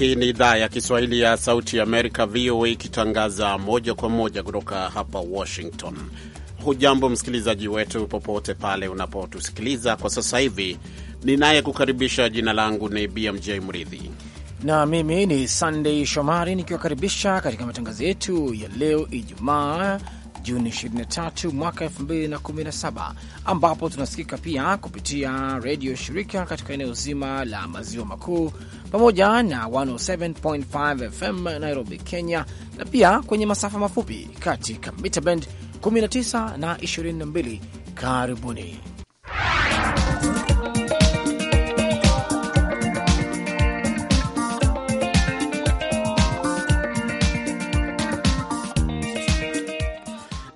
Hii ni idhaa ya Kiswahili ya Sauti ya Amerika, VOA, ikitangaza moja kwa moja kutoka hapa Washington. Hujambo msikilizaji wetu, popote pale unapotusikiliza kwa sasa hivi. Ninayekukaribisha jina langu ni BMJ Mridhi na mimi ni sandey Shomari nikiwakaribisha katika matangazo yetu ya leo Ijumaa Juni 23 mwaka 2017 ambapo tunasikika pia kupitia redio shirika katika eneo zima la maziwa makuu pamoja na 107.5 FM Nairobi, Kenya, na pia kwenye masafa mafupi katika mita band 19 na 22. Karibuni.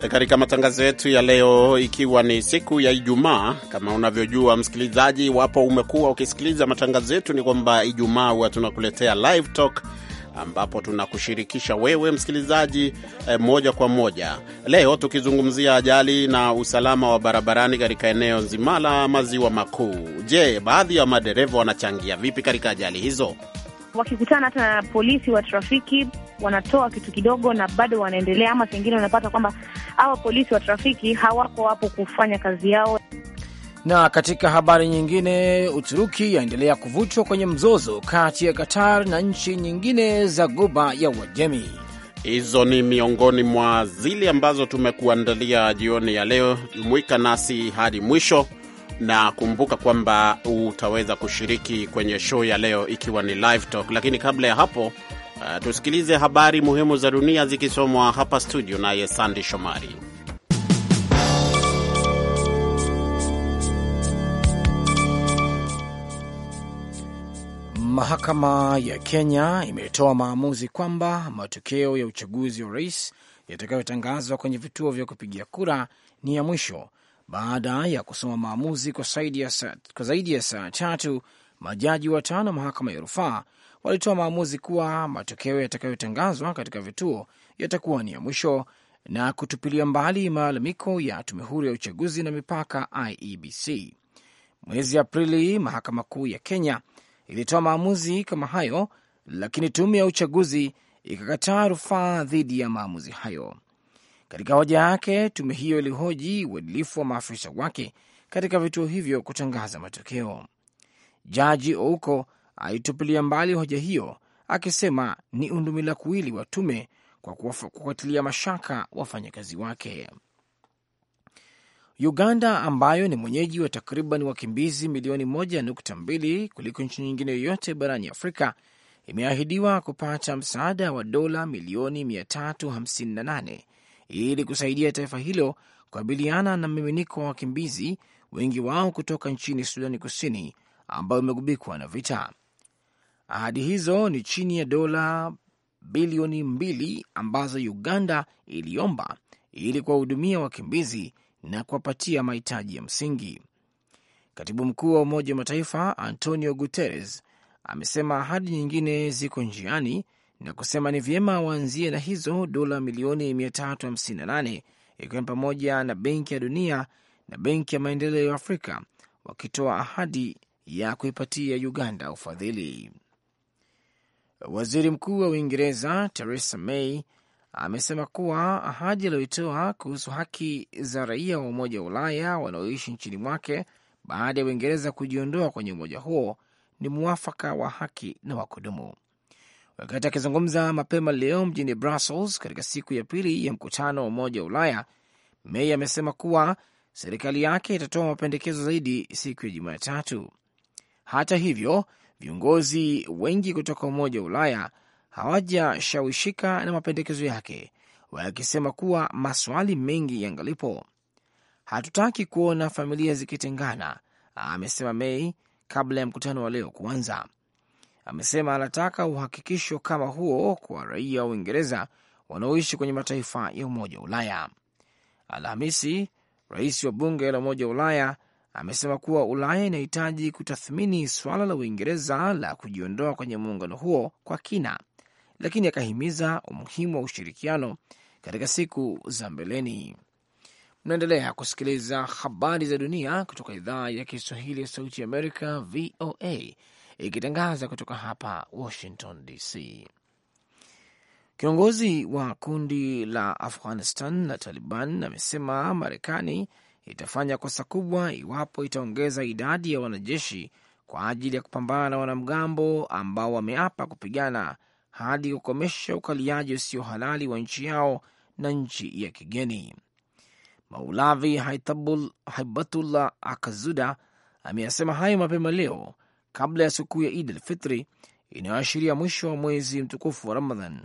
Eh, katika matangazo yetu ya leo, ikiwa ni siku ya Ijumaa. Kama unavyojua msikilizaji, iwapo umekuwa ukisikiliza matangazo yetu, ni kwamba Ijumaa huwa tunakuletea live talk ambapo tunakushirikisha wewe msikilizaji eh, moja kwa moja. Leo tukizungumzia ajali na usalama wa barabarani katika eneo nzima la maziwa makuu. Je, baadhi ya madereva wanachangia vipi katika ajali hizo? wakikutana hata na polisi wa trafiki wanatoa kitu kidogo na bado wanaendelea, ama pengine wanapata kwamba hawa polisi wa trafiki hawako hapo kufanya kazi yao. Na katika habari nyingine, Uturuki yaendelea kuvutwa kwenye mzozo kati ya Qatar na nchi nyingine za guba ya Uajemi. Hizo ni miongoni mwa zile ambazo tumekuandalia jioni ya leo. Jumuika nasi hadi mwisho na kumbuka kwamba utaweza kushiriki kwenye show ya leo ikiwa ni live talk. Lakini kabla ya hapo, uh, tusikilize habari muhimu za dunia zikisomwa hapa studio naye Sandi Shomari. Mahakama ya Kenya imetoa maamuzi kwamba matokeo ya uchaguzi wa rais yatakayotangazwa kwenye vituo vya kupigia kura ni ya mwisho baada ya kusoma maamuzi kwa zaidi ya saa tatu, majaji watano mahakama ya rufaa walitoa maamuzi kuwa matokeo yatakayotangazwa katika vituo yatakuwa ni ya mwisho na kutupilia mbali malalamiko ya tume huru ya uchaguzi na mipaka IEBC. Mwezi Aprili, mahakama kuu ya Kenya ilitoa maamuzi kama hayo, lakini tume ya uchaguzi ikakataa rufaa dhidi ya maamuzi hayo. Katika hoja yake, tume hiyo ilihoji uadilifu wa maafisa wake katika vituo hivyo kutangaza matokeo. Jaji Ouko alitupilia mbali hoja hiyo akisema ni undumila kuwili wa tume kwa kufuatilia mashaka wafanyakazi wake. Uganda ambayo ni mwenyeji wa takriban wakimbizi milioni moja nukta mbili kuliko nchi nyingine yoyote barani Afrika imeahidiwa kupata msaada wa dola milioni 358 ili kusaidia taifa hilo kukabiliana na mmiminiko wa wakimbizi, wengi wao kutoka nchini Sudani Kusini ambayo imegubikwa na vita. Ahadi hizo ni chini ya dola bilioni mbili ambazo Uganda iliomba ili kuwahudumia wakimbizi na kuwapatia mahitaji ya msingi. Katibu mkuu wa Umoja wa Mataifa Antonio Guterres amesema ahadi nyingine ziko njiani na kusema ni vyema waanzie na hizo dola milioni 358 ikiwa ni pamoja na Benki ya Dunia na Benki ya Maendeleo ya Afrika, wakitoa ahadi ya kuipatia Uganda ufadhili. Waziri Mkuu wa Uingereza Theresa May amesema kuwa ahadi aliyoitoa kuhusu haki za raia wa Umoja wa Ulaya wanaoishi nchini mwake baada ya Uingereza kujiondoa kwenye umoja huo ni mwafaka wa haki na wa kudumu. Wakati akizungumza mapema leo mjini Brussels katika siku ya pili ya mkutano wa Umoja wa Ulaya, Mei amesema kuwa serikali yake itatoa mapendekezo zaidi siku ya Jumatatu. Hata hivyo, viongozi wengi kutoka Umoja wa Ulaya hawajashawishika na mapendekezo yake, wakisema kuwa maswali mengi yangalipo. Hatutaki kuona familia zikitengana, amesema Mei kabla ya mkutano wa leo kuanza amesema anataka uhakikisho kama huo kwa raia wa Uingereza wanaoishi kwenye mataifa ya Umoja wa Ulaya. Alhamisi, rais wa bunge la Umoja wa Ulaya amesema kuwa Ulaya inahitaji kutathmini swala la Uingereza la kujiondoa kwenye muungano huo kwa kina, lakini akahimiza umuhimu wa ushirikiano katika siku za mbeleni. Mnaendelea kusikiliza habari za dunia kutoka idhaa ya Kiswahili ya Sauti ya Amerika, VOA ikitangaza kutoka hapa Washington DC. Kiongozi wa kundi la Afghanistan na Taliban amesema Marekani itafanya kosa kubwa iwapo itaongeza idadi ya wanajeshi kwa ajili ya kupambana na wanamgambo ambao wameapa kupigana hadi kukomesha ukaliaji usio halali wa nchi yao na nchi ya kigeni. Maulavi Haibatullah Akazuda ameyasema hayo mapema leo kabla ya sikukuu ya Id al Fitri inayoashiria mwisho wa mwezi mtukufu wa Ramadhan.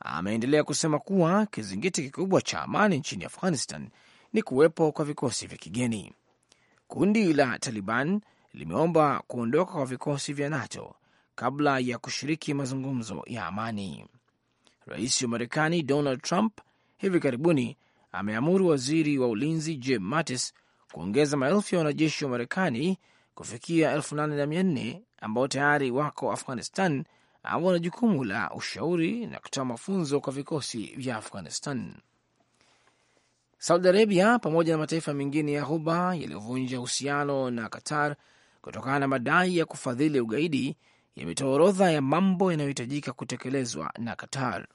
Ameendelea kusema kuwa kizingiti kikubwa cha amani nchini Afghanistan ni kuwepo kwa vikosi vya kigeni. Kundi la Taliban limeomba kuondoka kwa vikosi vya NATO kabla ya kushiriki mazungumzo ya amani. Rais wa Marekani Donald Trump hivi karibuni ameamuru waziri wa ulinzi Jim Mattis kuongeza maelfu ya wanajeshi wa Marekani kufikia 8 na mia ambao tayari wako Afghanistan au wana jukumu la ushauri na kutoa mafunzo kwa vikosi vya Afghanistan. Saudi Arabia pamoja na mataifa mengine ya Ghuba yaliyovunja uhusiano na Qatar kutokana na madai ya kufadhili ugaidi yametoa orodha ya mambo yanayohitajika kutekelezwa na Qatar.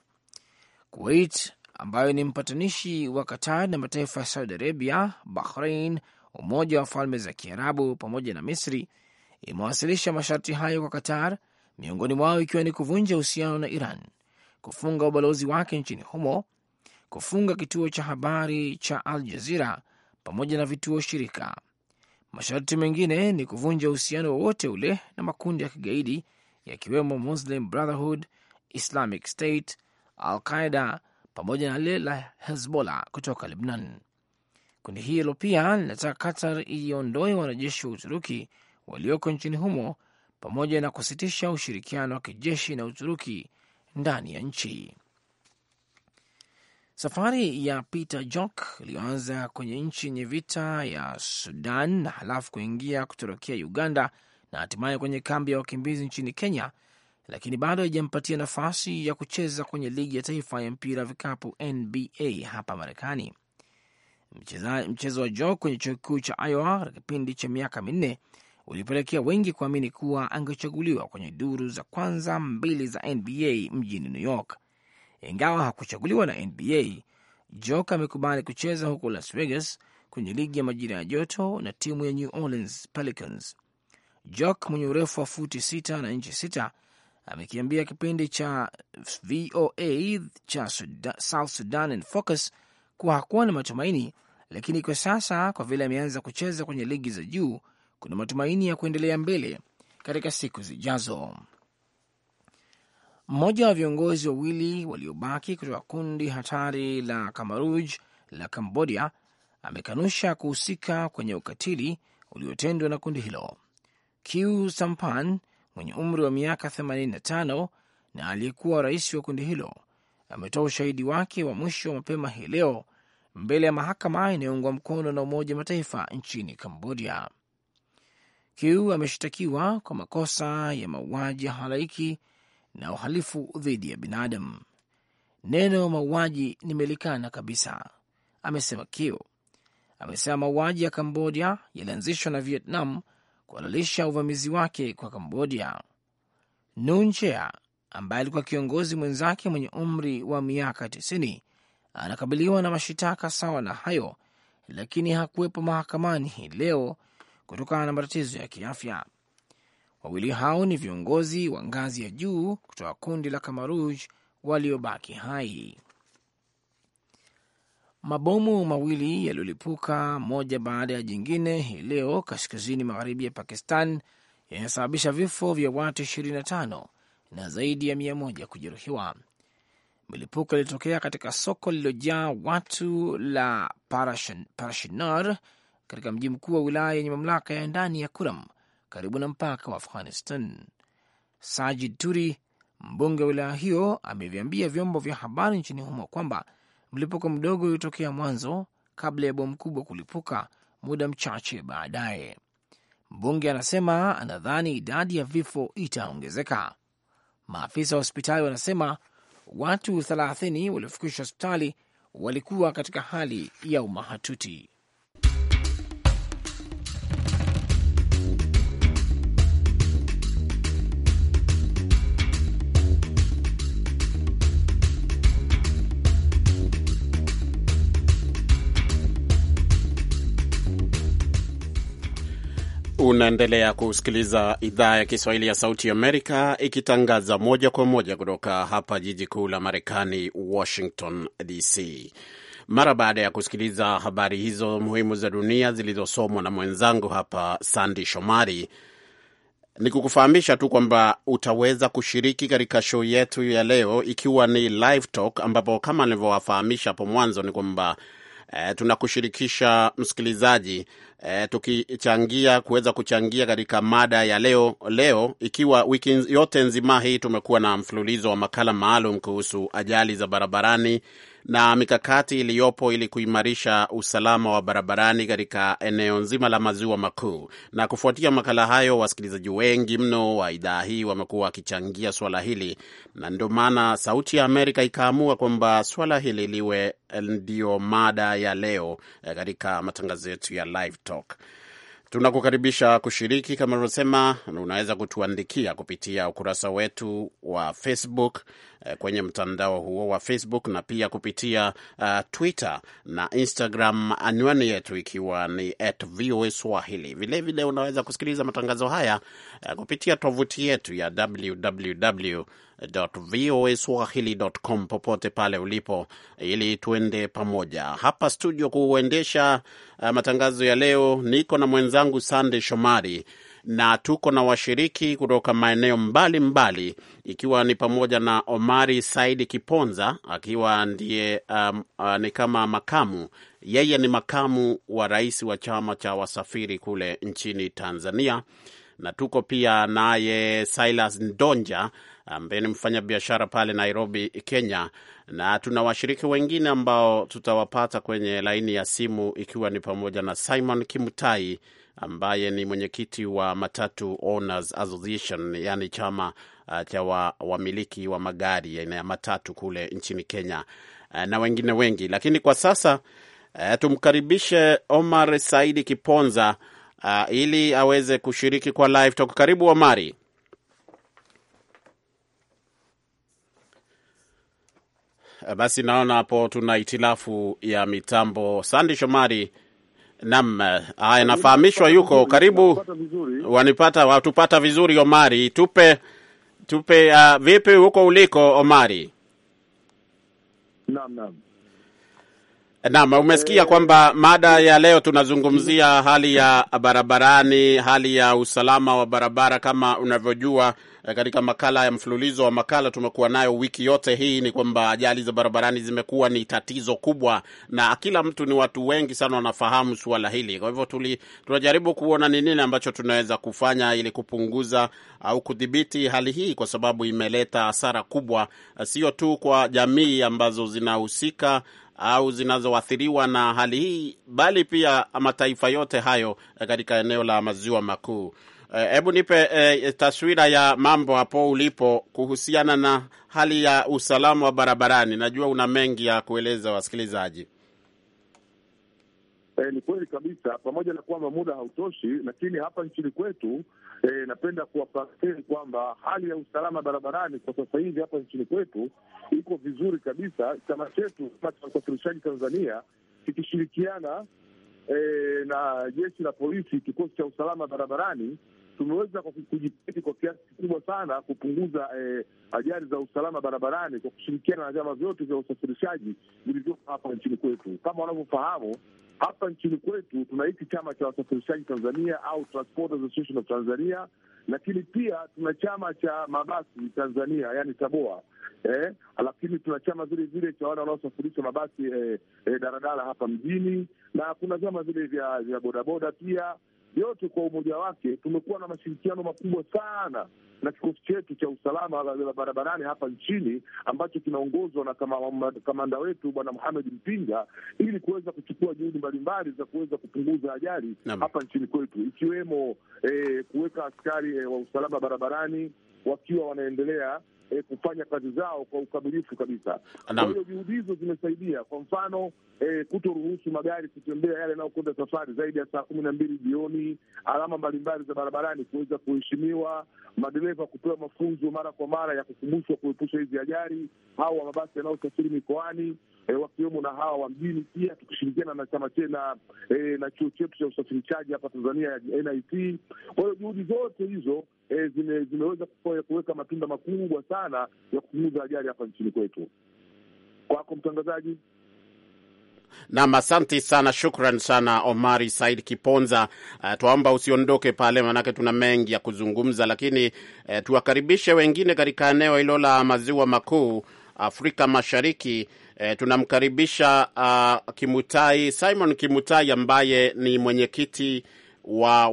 Kuwait ambayo ni mpatanishi wa Qatar na mataifa ya Saudi Arabia, Bahrain, Umoja wa Falme za Kiarabu pamoja na Misri imewasilisha masharti hayo kwa Qatar, miongoni mwao ikiwa ni kuvunja uhusiano na Iran, kufunga ubalozi wake nchini humo, kufunga kituo cha habari cha Al Jazira pamoja na vituo shirika. Masharti mengine ni kuvunja uhusiano wowote ule na makundi ya kigaidi yakiwemo Muslim Brotherhood, Islamic State, Al Qaida pamoja na lile la Hezbollah kutoka Lebanon. Kundi hilo pia linataka Qatar iondoe wanajeshi wa Uturuki walioko nchini humo pamoja na kusitisha ushirikiano wa kijeshi na Uturuki ndani ya nchi. Safari ya Peter Jok iliyoanza kwenye nchi yenye vita ya Sudan na halafu kuingia kutorokea Uganda na hatimaye kwenye kambi ya wakimbizi nchini Kenya, lakini bado haijampatia nafasi ya kucheza kwenye ligi ya taifa ya mpira vikapu NBA hapa Marekani. Mchezo wa Joe kwenye chuo kikuu cha Iowa katika kipindi cha miaka minne ulipelekea wengi kuamini kuwa angechaguliwa kwenye duru za kwanza mbili za NBA mjini New York. Ingawa hakuchaguliwa na NBA, jok amekubali kucheza huko Las Vegas kwenye ligi ya majira ya joto na timu ya New Orleans Pelicans. Jock mwenye urefu wa futi sita na inchi sita amekiambia kipindi cha VOA cha South Sudan in Focus kuwa hakuwa na matumaini, lakini kwa sasa, kwa vile ameanza kucheza kwenye ligi za juu, kuna matumaini ya kuendelea mbele katika siku zijazo. Mmoja wa viongozi wawili waliobaki kutoka kundi hatari la Kamaruj la cambodia amekanusha kuhusika kwenye ukatili uliotendwa na kundi hilo. Kiu Sampan mwenye umri wa miaka 85 na aliyekuwa rais wa kundi hilo ametoa ushahidi wake wa mwisho mapema hii leo mbele ya mahakama inayoungwa mkono na Umoja Mataifa nchini Kambodia. Kiu ameshtakiwa kwa makosa ya mauaji ya halaiki na uhalifu dhidi ya binadamu. Neno mauaji nimelikana kabisa, amesema Kiu. Amesema mauaji ya Kambodia yalianzishwa na Vietnam kuhalalisha uvamizi wake kwa Kambodia. nunchea ambaye alikuwa kiongozi mwenzake mwenye umri wa miaka tisini anakabiliwa na mashitaka sawa na hayo, lakini hakuwepo mahakamani hii leo kutokana na matatizo ya kiafya. Wawili hao ni viongozi wa ngazi ya juu kutoka kundi la Kamaruj waliobaki hai. Mabomu mawili yaliyolipuka moja baada ya jingine hii leo kaskazini magharibi ya Pakistan yanasababisha vifo vya watu 25 na zaidi ya mia moja kujeruhiwa. Milipuko ilitokea katika soko lililojaa watu la Parashinar katika mji mkuu wa wilaya yenye mamlaka ya ndani ya Kuram karibu na mpaka wa Afghanistan. Sajid Turi, mbunge wa wilaya hiyo, ameviambia vyombo vya habari nchini humo kwamba mlipuko mdogo ulitokea mwanzo kabla ya bomu kubwa kulipuka muda mchache baadaye. Mbunge anasema anadhani idadi ya vifo itaongezeka. Maafisa wa hospitali wanasema watu 30 waliofikishwa hospitali walikuwa katika hali ya umahatuti. Unaendelea kusikiliza idhaa ya Kiswahili ya Sauti Amerika ikitangaza moja kwa moja kutoka hapa jiji kuu la Marekani, Washington DC. Mara baada ya kusikiliza habari hizo muhimu za dunia zilizosomwa na mwenzangu hapa Sandi Shomari, ni kukufahamisha tu kwamba utaweza kushiriki katika show yetu ya leo, ikiwa ni live talk, ambapo kama nilivyowafahamisha hapo mwanzo ni kwamba e, tunakushirikisha msikilizaji e, tukichangia kuweza kuchangia katika mada ya leo leo, ikiwa wiki yote nzima hii tumekuwa na mfululizo wa makala maalum kuhusu ajali za barabarani na mikakati iliyopo ili kuimarisha usalama wa barabarani katika eneo nzima la maziwa makuu. Na kufuatia makala hayo, wasikilizaji wengi mno wa idhaa hii wamekuwa wakichangia swala hili, na ndio maana Sauti ya Amerika ikaamua kwamba swala hili liwe ndiyo mada ya leo eh, katika matangazo yetu ya Live Talk. Tunakukaribisha kushiriki kama ulivyosema, unaweza kutuandikia kupitia ukurasa wetu wa Facebook eh, kwenye mtandao huo wa Facebook na pia kupitia uh, Twitter na Instagram, anwani yetu ikiwa ni at VOA Swahili. Vilevile unaweza kusikiliza matangazo haya uh, kupitia tovuti yetu ya www voaswahili.com popote pale ulipo, ili tuende pamoja hapa studio kuuendesha uh, matangazo ya leo. Niko na mwenzangu Sande Shomari na tuko na washiriki kutoka maeneo mbalimbali mbali, ikiwa ni pamoja na Omari Saidi Kiponza akiwa ndiye um, uh, ni kama makamu yeye ni makamu wa rais wa chama cha wasafiri kule nchini Tanzania, na tuko pia naye Silas Ndonja ambaye ni mfanyabiashara pale Nairobi, Kenya, na tuna washiriki wengine ambao tutawapata kwenye laini ya simu, ikiwa ni pamoja na Simon Kimutai ambaye ni mwenyekiti wa Matatu Owners Association, yani chama uh, cha wamiliki wa, wa magari aina ya matatu kule nchini Kenya uh, na wengine wengi, lakini kwa sasa uh, tumkaribishe Omar Saidi Kiponza uh, ili aweze kushiriki kwa live talk. Karibu Omari. Eh, basi naona hapo tuna hitilafu ya mitambo. Sandi Shomari nam eh, haya, nafahamishwa yuko karibu, wanipata watupata vizuri. Omari, tupe tupe, uh, vipi huko uliko Omari? Naam, naam. Naam, umesikia kwamba mada ya leo tunazungumzia hali ya barabarani, hali ya usalama wa barabara. Kama unavyojua eh, katika makala ya mfululizo wa makala tumekuwa nayo wiki yote hii, ni kwamba ajali za barabarani zimekuwa ni tatizo kubwa, na kila mtu ni watu wengi sana wanafahamu suala hili. Kwa hivyo tuli, tunajaribu kuona ni nini ambacho tunaweza kufanya ili kupunguza au kudhibiti hali hii, kwa sababu imeleta hasara kubwa, eh, sio tu kwa jamii ambazo zinahusika au zinazoathiriwa na hali hii, bali pia mataifa yote hayo eh, katika eneo la maziwa makuu. Eh, hebu nipe e, taswira ya mambo hapo ulipo kuhusiana na hali ya usalama wa barabarani. Najua una mengi ya kueleza wasikilizaji. E, ni kweli kabisa, pamoja na kwamba muda hautoshi, lakini hapa nchini kwetu e, napenda kuwapaseni kwamba hali ya usalama barabarani kwa sasa hivi hapa nchini kwetu iko vizuri kabisa. Chama chetu, chama cha usafirishaji Tanzania, kikishirikiana e, na jeshi la polisi, kikosi cha usalama barabarani tumeweza kujitahidi kwa kiasi kikubwa sana kupunguza eh, ajali za usalama barabarani kwa kushirikiana na vyama vyote vya usafirishaji vilivyoko hapa nchini kwetu. Kama wanavyofahamu hapa nchini kwetu tuna hiki chama cha wasafirishaji Tanzania au Association of Tanzania, lakini pia tuna chama cha mabasi Tanzania yani TABOA eh, lakini tuna chama vile vile cha wale wanaosafirisha mabasi eh, eh, daradara hapa mjini na kuna vyama vile vya, vya bodaboda pia yote kwa umoja wake, tumekuwa na mashirikiano makubwa sana na kikosi chetu cha usalama la barabarani hapa nchini ambacho kinaongozwa na kamanda wetu Bwana muhamed Mpinga ili kuweza kuchukua juhudi mbalimbali za kuweza kupunguza ajali hapa nchini kwetu, ikiwemo eh, kuweka askari eh, wa usalama barabarani wakiwa wanaendelea E, kufanya kazi zao kwa ukamilifu kabisa. Kwa hiyo juhudi hizo zimesaidia, kwa mfano e, kutoruhusu magari kutembea yale yanayokwenda safari zaidi ya saa kumi na mbili jioni, alama mbalimbali za barabarani kuweza kuheshimiwa, madereva kupewa mafunzo mara kwa mara ya kukumbushwa kuepusha hizi ajali, au mabasi yanayosafiri mikoani e, wakiwemo na hawa wa mjini, pia tukishirikiana na chama na, e, na chuo chetu cha usafirishaji hapa Tanzania NIT. Kwa hiyo juhudi zote hizo e, zime, zimeweza kuweka matunda makubwa sana ya kupunguza ajali hapa nchini kwetu. Kwako mtangazaji. Nam, asante sana, shukran sana Omari Said Kiponza. Uh, twaomba usiondoke pale, manake tuna mengi ya kuzungumza, lakini uh, tuwakaribishe wengine katika eneo hilo la maziwa makuu Afrika Mashariki E, tunamkaribisha uh, Kimutai Simon Kimutai ambaye ni mwenyekiti wa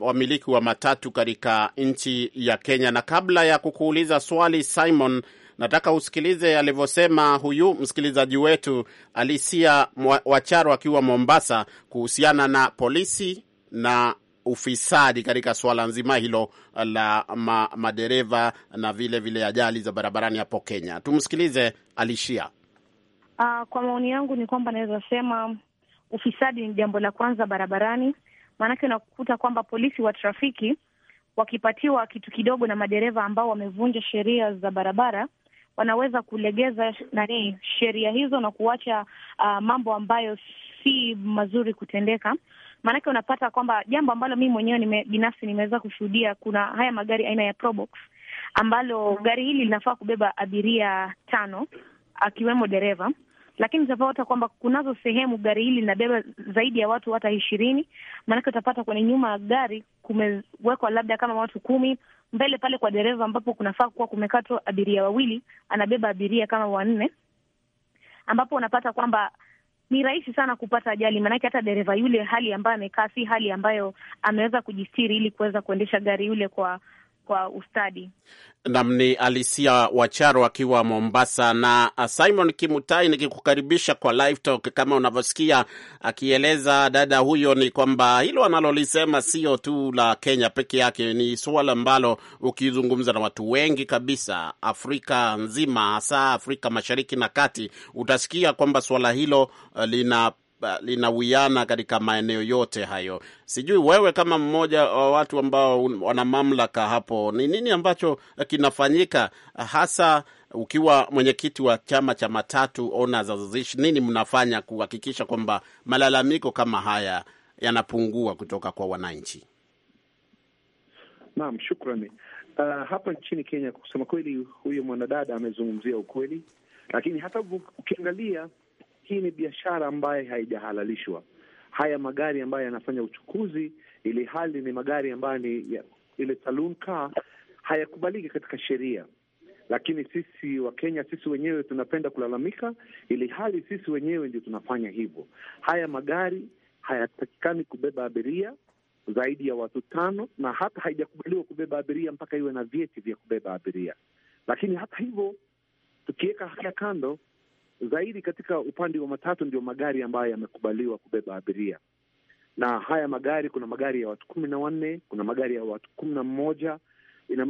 wamiliki wa, wa, wa matatu katika nchi ya Kenya. Na kabla ya kukuuliza swali Simon, nataka usikilize alivyosema huyu msikilizaji wetu Alisia Wacharo akiwa Mombasa kuhusiana na polisi na ufisadi katika swala nzima hilo la ma, madereva na vile vile ajali za barabarani hapo Kenya. Tumsikilize Alishia. Uh, kwa maoni yangu ni kwamba naweza sema ufisadi ni jambo la kwanza barabarani, maanake unakuta kwamba polisi wa trafiki wakipatiwa kitu kidogo na madereva ambao wamevunja sheria za barabara wanaweza kulegeza nani sheria hizo na kuacha uh, mambo ambayo si mazuri kutendeka. Maanake unapata kwamba jambo ambalo mii mwenyewe nime, binafsi nimeweza kushuhudia, kuna haya magari aina ya Probox ambalo mm-hmm. gari hili linafaa kubeba abiria tano akiwemo dereva, lakini utapata kwamba kunazo sehemu gari hili linabeba zaidi ya watu hata ishirini. Maanake utapata kwenye nyuma ya gari kumewekwa labda kama watu kumi, mbele pale kwa dereva ambapo kunafaa kuwa kumekatwa abiria wawili, anabeba abiria kama wanne, ambapo unapata kwamba ni rahisi sana kupata ajali, maanake hata dereva yule hali ambayo amekaa si hali ambayo ameweza kujistiri ili kuweza kuendesha gari yule kwa kwa ustadi. Nam ni Alisia Wacharo akiwa Mombasa na uh, Simon Kimutai nikikukaribisha kwa Live Talk. Kama unavyosikia akieleza dada huyo, ni kwamba hilo analolisema sio tu la Kenya peke yake, ni suala ambalo ukizungumza na watu wengi kabisa Afrika nzima, hasa Afrika Mashariki na Kati, utasikia kwamba suala hilo uh, lina linawiana katika maeneo yote hayo. Sijui wewe kama mmoja wa watu ambao wana mamlaka hapo, ni nini ambacho kinafanyika hasa ukiwa mwenyekiti wa chama cha matatu Owners Association, nini mnafanya kuhakikisha kwamba malalamiko kama haya yanapungua kutoka kwa wananchi? Naam, shukrani. Uh, hapa nchini Kenya, kusema kweli, huyu mwanadada amezungumzia ukweli, lakini hata ukiangalia hii ni biashara ambayo haijahalalishwa. Haya magari ambayo yanafanya uchukuzi, ili hali ni magari ambayo ni ya, ile saloon car hayakubaliki katika sheria, lakini sisi Wakenya sisi wenyewe tunapenda kulalamika, ili hali sisi wenyewe ndio tunafanya hivyo. Haya magari hayatakikani kubeba abiria zaidi ya watu tano, na hata haijakubaliwa kubeba abiria mpaka iwe na vyeti vya kubeba abiria. Lakini hata hivyo tukiweka haya kando, zaidi katika upande wa matatu ndio magari ambayo yamekubaliwa kubeba abiria, na haya magari, kuna magari ya watu kumi na wanne, kuna magari ya watu kumi na mmoja, ina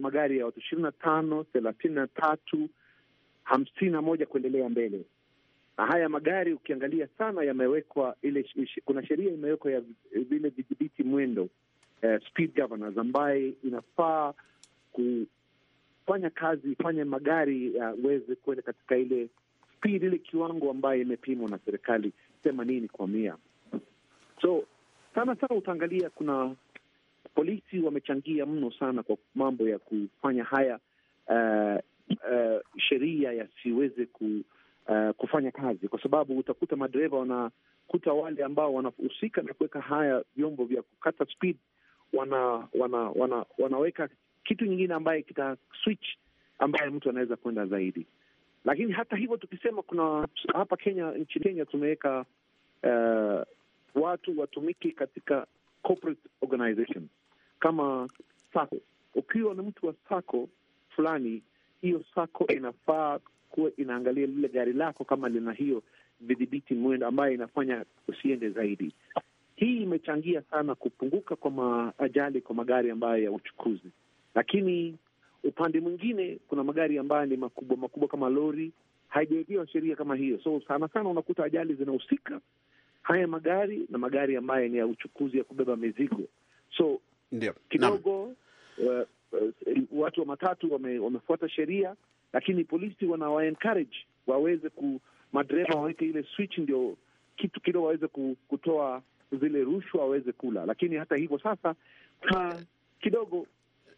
magari ya watu ishirini na tano, thelathini na tatu, hamsini na moja kuendelea mbele. Na haya magari ukiangalia sana yamewekwa ile, kuna sheria imewekwa ya vile vidhibiti mwendo eh, speed governors, ambaye inafaa kufanya kazi ifanye magari yaweze kuenda katika ile pii lile kiwango ambayo imepimwa na serikali themanini kwa mia. So sana sana utaangalia kuna polisi wamechangia mno sana kwa mambo ya kufanya haya uh, uh, sheria yasiweze ku, uh, kufanya kazi, kwa sababu utakuta madereva wanakuta wale ambao wanahusika na kuweka haya vyombo vya kukata speed wana, wana, wana wanaweka kitu nyingine ambaye kita switch ambaye mtu anaweza kwenda zaidi. Lakini hata hivyo tukisema kuna hapa Kenya, nchi Kenya tumeweka uh, watu watumiki katika corporate organization kama sako. Ukiwa na mtu wa sako fulani, hiyo sako inafaa kuwa inaangalia lile gari lako kama lina hiyo vidhibiti mwendo ambayo inafanya usiende zaidi. Hii imechangia sana kupunguka kwa maajali kwa magari ambayo ya uchukuzi, lakini Upande mwingine kuna magari ambayo ni makubwa makubwa kama lori, haijawekewa sheria kama hiyo, so sana sana unakuta ajali zinahusika haya magari na magari ambayo ni ya uchukuzi ya kubeba mizigo, so ndiyo kidogo uh, uh, watu wa matatu wame, wamefuata sheria, lakini polisi wanawa encourage waweze ku madereva waweke ile switch, ndio kitu kidogo waweze kutoa zile rushwa waweze kula, lakini hata hivyo sasa, uh, kidogo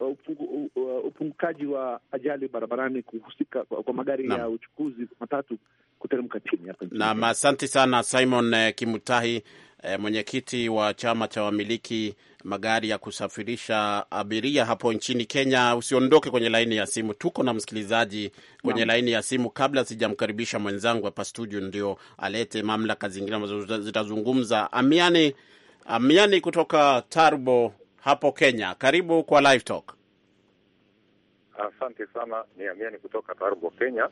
Uh, uh, uh, upungukaji wa ajali barabarani kuhusika kwa, kwa magari na ya uchukuzi matatu kuteremka chini hapa nchini. Naam, asante sana Simon eh, Kimutahi eh, mwenyekiti wa chama cha wamiliki magari ya kusafirisha abiria hapo nchini Kenya. Usiondoke kwenye laini ya simu, tuko na msikilizaji kwenye laini ya simu. Kabla sijamkaribisha mwenzangu hapa studio ndio alete mamlaka zingine ambazo zitazungumza, Amiani Amiani kutoka Tarbo hapo Kenya. Karibu kwa Live Talk. Asante sana, ni Amiani kutoka Tarbo, Kenya.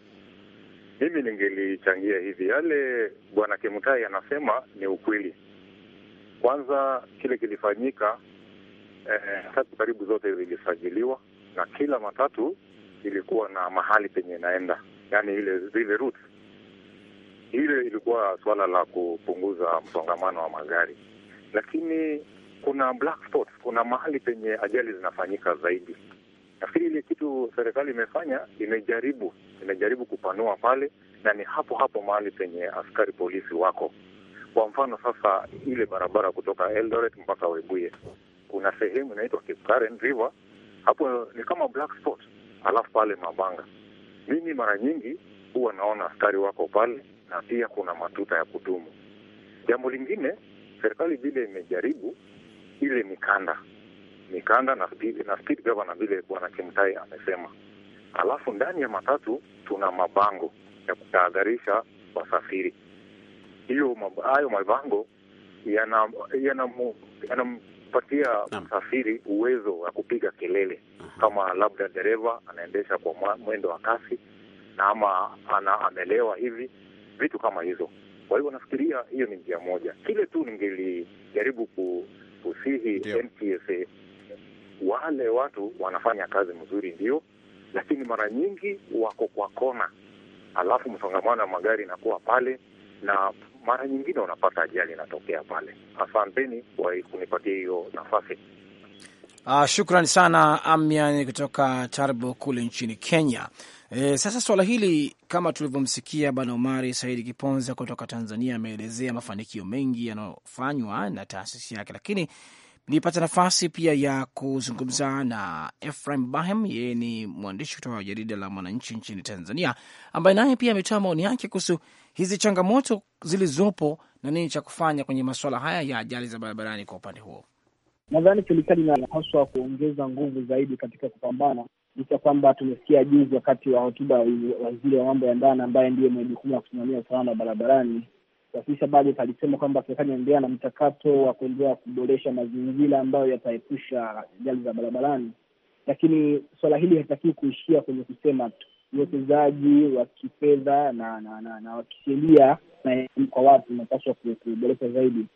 Mimi ningelichangia hivi, yale bwana Kemutai anasema ni ukweli. Kwanza kile kilifanyika eh, tatu karibu zote zilisajiliwa na kila matatu ilikuwa na mahali penye inaenda, yaani ile zile route. Ile ilikuwa suala la kupunguza msongamano wa magari, lakini kuna black spots, kuna mahali penye ajali zinafanyika zaidi. Nafikiri ile kitu serikali imefanya imejaribu, imejaribu kupanua pale, na ni hapo hapo mahali penye askari polisi wako. Kwa mfano sasa, ile barabara kutoka Eldoret mpaka Webuye kuna sehemu inaitwa Kipkaren River, hapo ni kama black spot, alafu pale Mabanga. Mimi mara nyingi huwa naona askari wako pale, na pia kuna matuta ya kudumu. Jambo lingine serikali vile imejaribu ile mikanda mikanda na speed, na speed governor vile bwana Kimtai amesema. Alafu ndani ya matatu tuna mabango ya kutahadharisha wasafiri. Hiyo hayo mabango yanampatia yana, yana msafiri uwezo wa kupiga kelele kama labda dereva anaendesha kwa mwendo wa kasi na ama ana, amelewa hivi vitu kama hizo. Kwa hiyo nafikiria hiyo ni njia moja. Kile tu ningelijaribu ku kusihi NTSA, wale watu wanafanya kazi mzuri ndio, lakini mara nyingi wako kwa kona, alafu msongamano wa magari inakuwa pale na mara nyingine unapata ajali inatokea pale. Asanteni kwa kunipatia hiyo nafasi. Uh, shukrani sana Amyan kutoka Tarbo kule nchini Kenya. E, sasa swala hili kama tulivyomsikia Bwana Omari Saidi Kiponza kutoka Tanzania ameelezea mafanikio mengi yanayofanywa na taasisi yake, lakini nilipata nafasi pia ya kuzungumza na Ephraim Bahem, yeye ni mwandishi kutoka jarida la Mwananchi nchini Tanzania, ambaye naye pia ametoa maoni yake kuhusu hizi changamoto zilizopo na nini cha kufanya kwenye masuala haya ya ajali za barabarani. Kwa upande huo, nadhani serikali inapaswa kuongeza nguvu zaidi katika kupambana licha kwamba tumesikia juzi wakati wa hotuba waziri wa mambo ya ndani ambaye ndiye mwenye jukumu la kusimamia usalama barabarani Rafisa Bajeti alisema kwamba serikali inaendelea na mchakato wa kuendelea kuboresha mazingira ambayo yataepusha ajali za barabarani, lakini suala hili halitakiwi kuishia kwenye kusema tu. Uwekezaji wa kifedha na na na wa kisheria na kwa watu unapaswa kuboresha zaidi.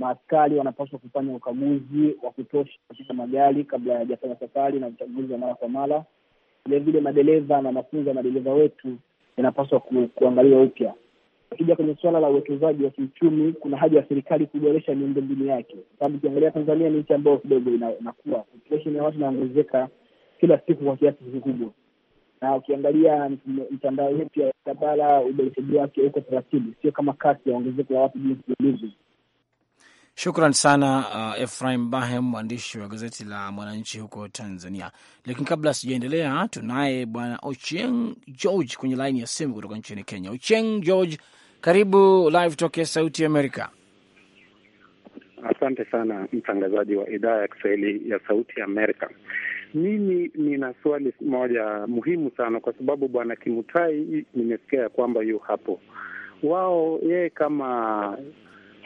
Maaskari wanapaswa kufanya ukaguzi wa kutosha katika magari kabla hawajafanya safari na uchaguzi wa mara kwa mara. Vilevile, madereva na mafunzo ya madereva wetu yanapaswa ku, kuangaliwa upya. Ukija kwenye suala la uwekezaji wa kiuchumi, kuna haja ya serikali kuboresha miundombinu yake, kwa sababu ukiangalia Tanzania ni nchi ambayo kidogo inakuwa population ya watu inaongezeka kila siku kwa kiasi kikubwa, na ukiangalia mtandao yetu ya barabara, uboreshaji wake uko taratibu, sio kama kasi ya ongezeko la watu jinsi ilivyo. Shukran sana uh, Efraim Bahem, mwandishi wa gazeti la Mwananchi huko Tanzania. Lakini kabla sijaendelea, tunaye bwana Ochieng George kwenye laini ya simu kutoka nchini Kenya. Ochieng George, karibu live ya Sauti Amerika. Asante sana mtangazaji wa idhaa ya Kiswahili ya Sauti Amerika. Mimi nina swali moja muhimu sana, kwa sababu bwana Kimutai nimesikia ya kwamba yu hapo wao yeye kama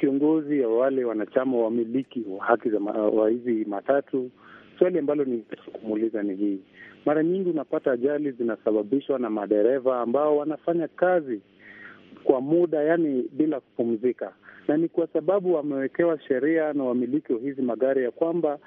kiongozi ya wale wanachama wamiliki wa haki za wa hizi matatu. Swali ambalo ningetaka kumuuliza ni hii, mara nyingi unapata ajali zinasababishwa na madereva ambao wanafanya kazi kwa muda, yani bila kupumzika na ni kwa sababu wamewekewa sheria na wamiliki wa hizi magari ya kwamba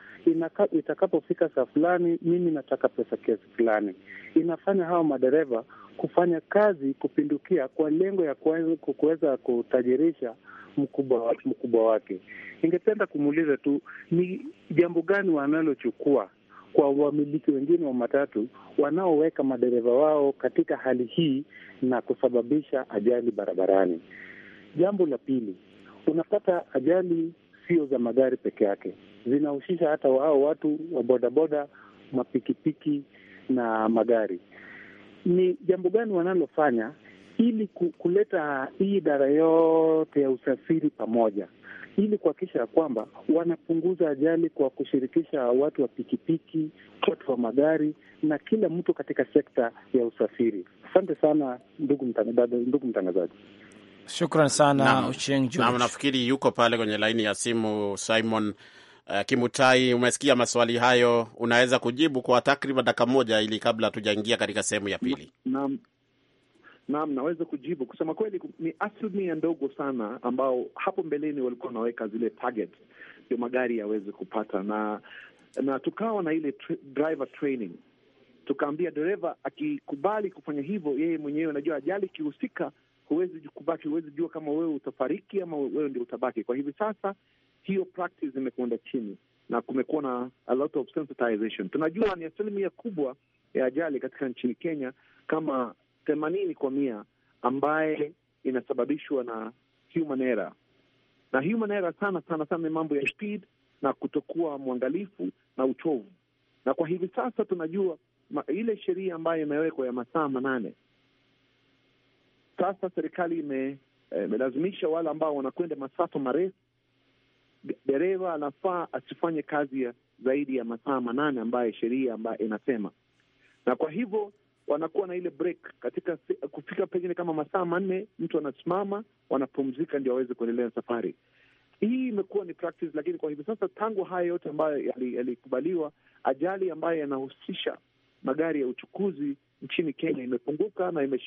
itakapofika saa fulani, mimi nataka pesa kiasi fulani. Inafanya hawa madereva kufanya kazi kupindukia kwa lengo ya kuweza kutajirisha mkubwa mkubwa wake. Ningependa kumuuliza tu ni jambo gani wanalochukua kwa wamiliki wengine wa matatu wanaoweka madereva wao katika hali hii na kusababisha ajali barabarani. Jambo la pili, unapata ajali sio za magari peke yake, zinahusisha hata wao watu wa bodaboda, mapikipiki na magari. Ni jambo gani wanalofanya ili kuleta hii idara yote ya usafiri pamoja, ili kuhakikisha ya kwamba wanapunguza ajali kwa kushirikisha watu wa pikipiki, watu wa magari na kila mtu katika sekta ya usafiri. Asante sana ndugu mtangazaji. Shukran sana na, Ucheng George. Na nafikiri yuko pale kwenye laini ya simu Simon uh, Kimutai. Umesikia maswali hayo, unaweza kujibu kwa takriban dakika moja ili kabla tujaingia katika sehemu ya pili. Naam. Naam, naweza kujibu. Kusema kweli, ni asilimia ndogo sana ambao hapo mbeleni walikuwa wanaweka zile target ndio magari yaweze kupata, na na tukawa na ile tra driver training, tukaambia dereva akikubali kufanya hivyo, yeye mwenyewe anajua ajali ikihusika, huwezi kubaki, huwezi jua kama wewe utafariki ama wewe ndio utabaki. Kwa hivi sasa hiyo practice imekwenda chini na kumekuwa na a lot of sensitization. Tunajua ni asilimia kubwa ya ajali katika nchini Kenya kama themanini kwa mia ambaye inasababishwa na human error, na human error sana sana sana ni mambo ya speed na kutokuwa mwangalifu na uchovu. Na kwa hivi sasa tunajua ma, ile sheria ambayo imewekwa ya masaa manane sasa serikali eh, imelazimisha wale ambao wanakwenda masafa marefu, dereva anafaa asifanye kazi ya zaidi ya masaa manane ambayo sheria ambayo inasema, na kwa hivyo wanakuwa na ile break katika kufika pengine kama masaa manne, mtu anasimama, wanapumzika ndio waweze kuendelea safari. Hii imekuwa ni practice, lakini kwa hivi sasa tangu haya yote ambayo yalikubaliwa, ajali ambayo yanahusisha magari ya uchukuzi nchini Kenya imepunguka na ime,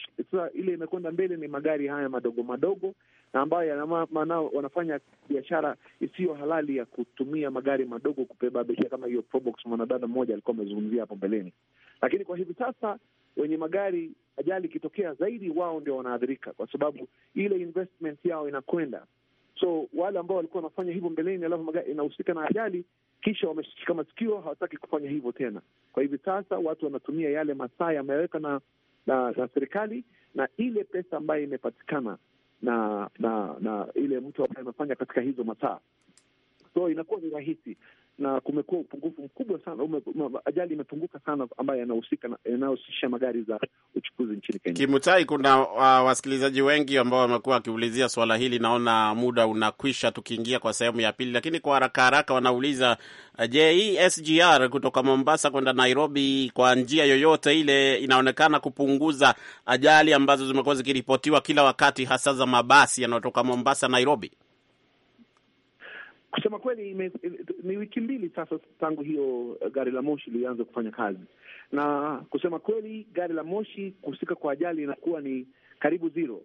ile imekwenda mbele ni magari haya madogo madogo na ambayo yanamaana wanafanya biashara isiyo halali ya kutumia magari madogo kubeba abiria kama hiyo Probox mwanadada mmoja alikuwa amezungumzia hapo mbeleni. Lakini kwa hivi sasa wenye magari, ajali ikitokea, zaidi wao ndio wanaadhirika, kwa sababu ile investment yao inakwenda. So wale ambao walikuwa wanafanya hivyo mbeleni, alafu magari inahusika na ajali, kisha wameshika masikio, hawataki kufanya hivyo tena. Kwa hivi sasa watu wanatumia yale masaa yameweka na, na, na serikali na ile pesa ambayo imepatikana na na na ile mtu ambaye amefanya katika hizo masaa, so inakuwa ni rahisi na kumekuwa upungufu mkubwa sana ume, ume, ajali imepunguka sana ambayo yanahusika yanayohusisha magari za uchukuzi nchini Kenya. Kimutai, kuna uh, wasikilizaji wengi ambao wamekuwa wakiulizia swala hili. Naona muda unakwisha tukiingia kwa sehemu ya pili, lakini kwa haraka haraka wanauliza uh, je, hii SGR kutoka Mombasa kwenda Nairobi kwa njia yoyote ile inaonekana kupunguza ajali ambazo zimekuwa zikiripotiwa kila wakati, hasa za mabasi yanayotoka Mombasa Nairobi? Kusema kweli ime, ni wiki mbili sasa tangu hiyo eh, gari la moshi lilianza kufanya kazi, na kusema kweli gari la moshi kuhusika kwa ajali inakuwa ni karibu zero.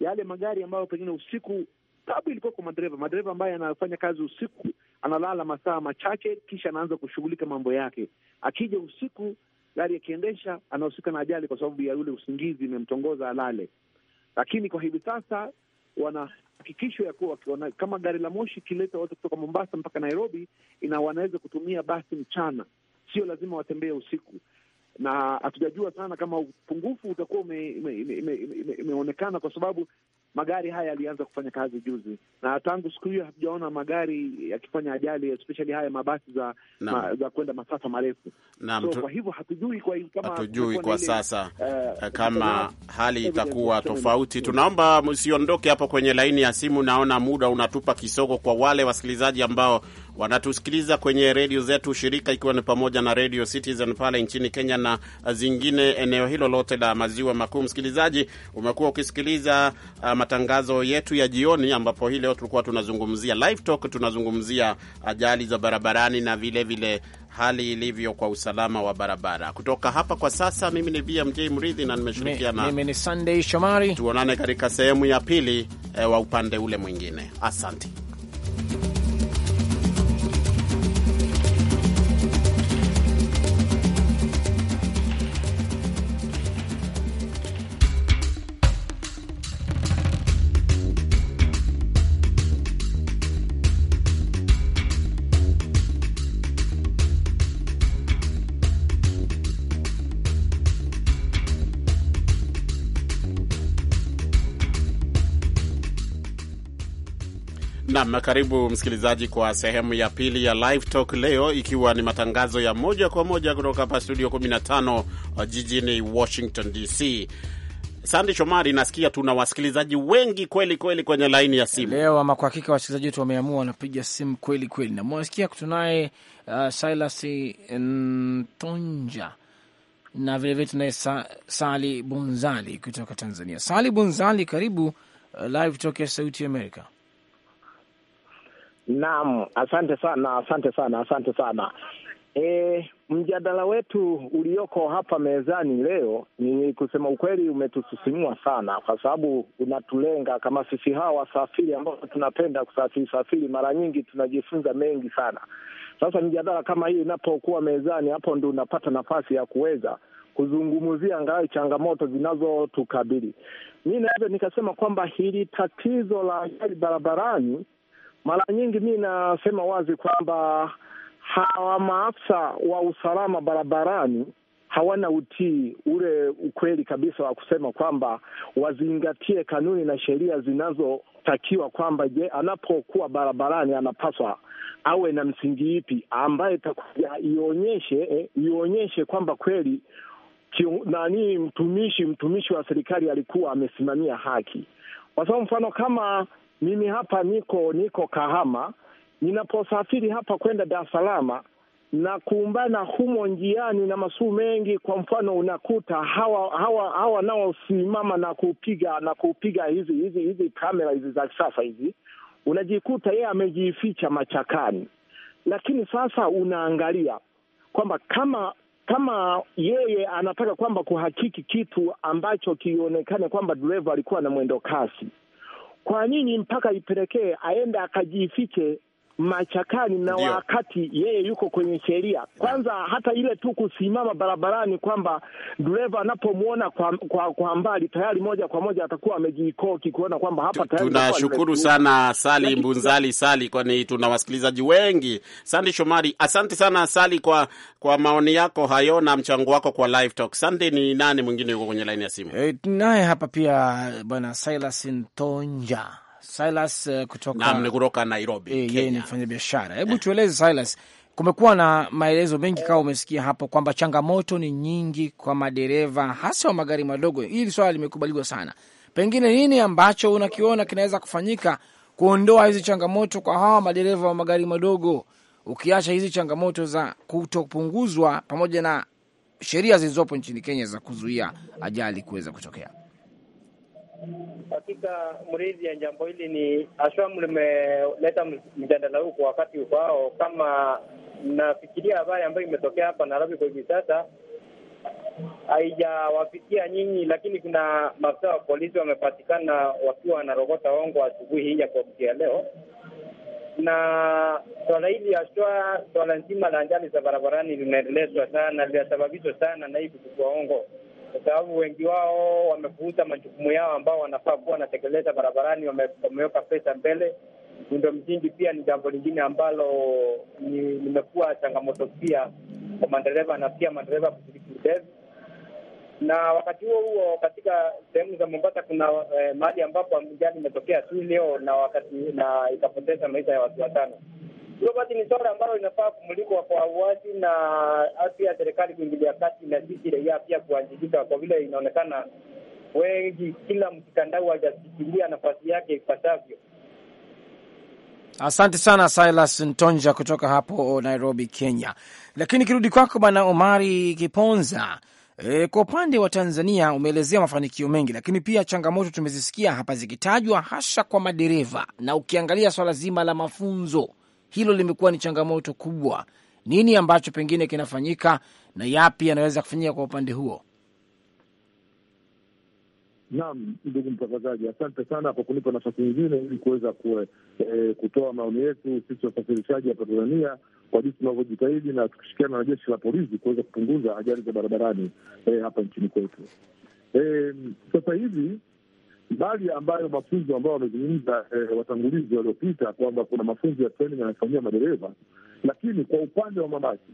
Yale magari ambayo pengine usiku tabu ilikuwa kwa madereva, madereva ambaye anafanya kazi usiku analala masaa machache, kisha anaanza kushughulika mambo yake. Akija usiku gari akiendesha, anahusika na ajali kwa sababu ya yule usingizi imemtongoza alale. Lakini kwa hivi sasa wana hakikisho ya kuwa kama gari la moshi ikileta watu kutoka Mombasa mpaka Nairobi, ina wanaweza kutumia basi mchana, sio lazima watembee usiku. Na hatujajua sana kama upungufu utakuwa imeonekana, kwa sababu magari haya yalianza kufanya kazi juzi, na tangu siku hiyo hatujaona magari yakifanya ajali, especially haya mabasi za ma, za kwenda masafa marefu. Naam, so, kwa hivyo hatujui kwa kama hatujui kwa ile, sasa uh, kama hali itakuwa tofauti. Tunaomba msiondoke hapo kwenye laini ya simu, naona muda unatupa kisogo. Kwa wale wasikilizaji ambao wanatusikiliza kwenye redio zetu shirika, ikiwa ni pamoja na Radio Citizen pale nchini Kenya na zingine eneo hilo lote la maziwa makuu. Msikilizaji, umekuwa ukisikiliza uh, matangazo yetu ya jioni, ambapo hii leo tulikuwa tunazungumzia live talk, tunazungumzia ajali za barabarani na vilevile vile hali ilivyo kwa usalama wa barabara. Kutoka hapa kwa sasa, mimi ni BMJ Mridhi na nimeshirikiana mimi ni Sunday Shomari. Tuonane katika sehemu ya pili eh, wa upande ule mwingine. Asante. Nam, karibu msikilizaji kwa sehemu ya pili ya Live Talk leo, ikiwa ni matangazo ya moja kwa moja kutoka hapa studio 15 uh, jijini Washington DC. sandi Shomari, nasikia tuna wasikilizaji wengi kweli kweli kwenye laini ya simu leo. Ama kwa hakika wasikilizaji wetu wameamua, wanapiga simu kweli kweli, na mwasikia tunaye uh, Silas Ntonja na vilevile tunaye sa, Sali Bunzali kutoka Tanzania. Sali Bunzali, karibu uh, Live Talk ya Sauti Amerika. Naam, asante sana, asante sana, asante sana. E, mjadala wetu ulioko hapa mezani leo ni kusema ukweli, umetusisimua sana, kwa sababu unatulenga kama sisi hawa wasafiri ambao tunapenda kusafiri safiri, mara nyingi tunajifunza mengi sana. Sasa mjadala kama hii inapokuwa mezani, hapo ndo unapata nafasi ya kuweza kuzungumzia angalau changamoto zinazotukabili. Mi naweza nikasema kwamba hili tatizo la ajali barabarani mara nyingi mi nasema wazi kwamba hawa maafisa wa usalama barabarani hawana utii ule ukweli kabisa wa kusema kwamba wazingatie kanuni na sheria zinazotakiwa, kwamba je, anapokuwa barabarani anapaswa awe na msingi ipi ambaye itakuja ionyeshe eh, ionyeshe kwamba kweli nani mtumishi mtumishi wa serikali alikuwa amesimamia haki, kwa sababu mfano kama mimi hapa niko niko Kahama, ninaposafiri hapa kwenda Dar es Salaam na kuumbana humo njiani na masuu mengi. Kwa mfano, unakuta hawa hawa hawa wanaosimama na kupiga na kupiga hizi hizi hizi kamera hizi za kisasa hizi, unajikuta yeye amejificha machakani. Lakini sasa unaangalia kwamba kama kama yeye anataka kwamba kuhakiki kitu ambacho kionekane kwamba dereva alikuwa na mwendo kasi kwa nini mpaka ipelekee aende akajifiche machakani na Ndiyo. Wakati yeye yuko kwenye sheria kwanza, hata ile tu kusimama barabarani kwamba dereva anapomwona kwa, kwa, kwa mbali tayari moja kwa moja atakuwa amejikoki kuona kwamba hapa tayari. Tunashukuru sana Sali Mbunzali Sali, kwani tuna wasikilizaji wengi. Sandi Shomari, asante sana Sali kwa kwa maoni yako hayo na mchango wako kwa live talk. Sandi, ni nani mwingine yuko kwenye laini ya simu? E, eh, naye hapa pia bwana Silas Ntonja Silas eh, kutoka ni kutoka Nairobi, eh, yeye ni mfanya biashara. Hebu eh. tueleze Silas, kumekuwa na maelezo mengi kama umesikia hapo kwamba changamoto ni nyingi kwa madereva hasa wa magari madogo. Hili swala limekubaliwa sana, pengine nini ambacho unakiona kinaweza kufanyika kuondoa hizi changamoto kwa hawa madereva wa magari madogo, ukiacha hizi changamoto za kutopunguzwa pamoja na sheria zilizopo nchini Kenya za kuzuia ajali kuweza kutokea? Hakika mridhi ya jambo hili ni ashwam limeleta mjadala huu kwa wakati ufao. Kama nafikiria habari ambayo imetokea hapa Nairobi kwa hivi sasa haijawafikia nyinyi, lakini kuna maafisa wa polisi wamepatikana wakiwa wanarogota ongo asubuhi hii ya kuamkia leo, na swala hili haswa swala nzima la ajali za barabarani linaendelezwa sana, linasababishwa sana na hii kuchukua ongo kwa sababu wengi wao wamevuta majukumu yao ambao wanafaa kuwa wanatekeleza barabarani, wameweka pesa mbele. Miundo msingi pia ni jambo lingine ambalo limekuwa changamoto pia kwa madereva na pia madereva kushiriki Na wakati huo huo, katika sehemu za Mombasa kuna eh, mahali ambapo ajali imetokea tu leo na wakati na ikapoteza maisha ya watu watano hilo basi ni swala ambalo linafaa kumulikwa kwa uwazi na afya ya serikali kuingilia kati na sisi raia pia kuanjibika, kwa vile inaonekana wengi, kila mtandao hajashikilia nafasi yake ipasavyo. Asante sana Silas Ntonja kutoka hapo Nairobi, Kenya. Lakini kirudi kwako Bwana Omari Kiponza, e, kwa upande wa Tanzania umeelezea mafanikio mengi, lakini pia changamoto tumezisikia hapa zikitajwa, hasa kwa madereva, na ukiangalia swala zima la mafunzo hilo limekuwa ni changamoto kubwa. Nini ambacho pengine kinafanyika na yapi yanaweza kufanyika kwa upande huo? Naam, ndugu mtangazaji, asante sana kwa kunipa nafasi nyingine ili kuweza e, kutoa maoni yetu sisi wasafirishaji hapa Tanzania kwa jinsi tunavyojitahidi na tukishirikiana na jeshi la polisi kuweza kupunguza ajali za barabarani e, hapa nchini kwetu. E, sasa hivi mbali ambayo mafunzo ambayo wamezungumza eh, watangulizi waliopita kwamba kuna mafunzo ya training yanayofanyia madereva, lakini kwa upande wa mabasi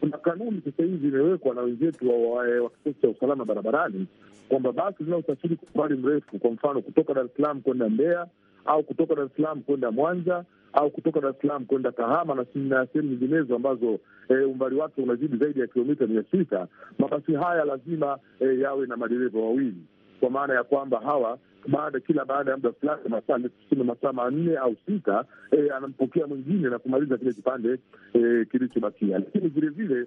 kuna kanuni sasa hivi imewekwa na wenzetu wa eh, kikosi cha usalama barabarani kwamba basi linalosafiri kwa umbali mrefu, kwa mfano kutoka Dar es Salaam kwenda Mbeya au kutoka Dar es Salaam kwenda Mwanza au kutoka Dar es Salaam kwenda Kahama na sehemu nyinginezo ambazo e, umbali wake unazidi zaidi ya kilomita mia sita, mabasi haya lazima e, yawe na madereva wawili, kwa maana ya kwamba hawa baada kila baada ya muda fulani masaa tuseme masaa manne au sita e, anampokea mwingine na kumaliza kile kipande e, kilichobakia. Lakini vilevile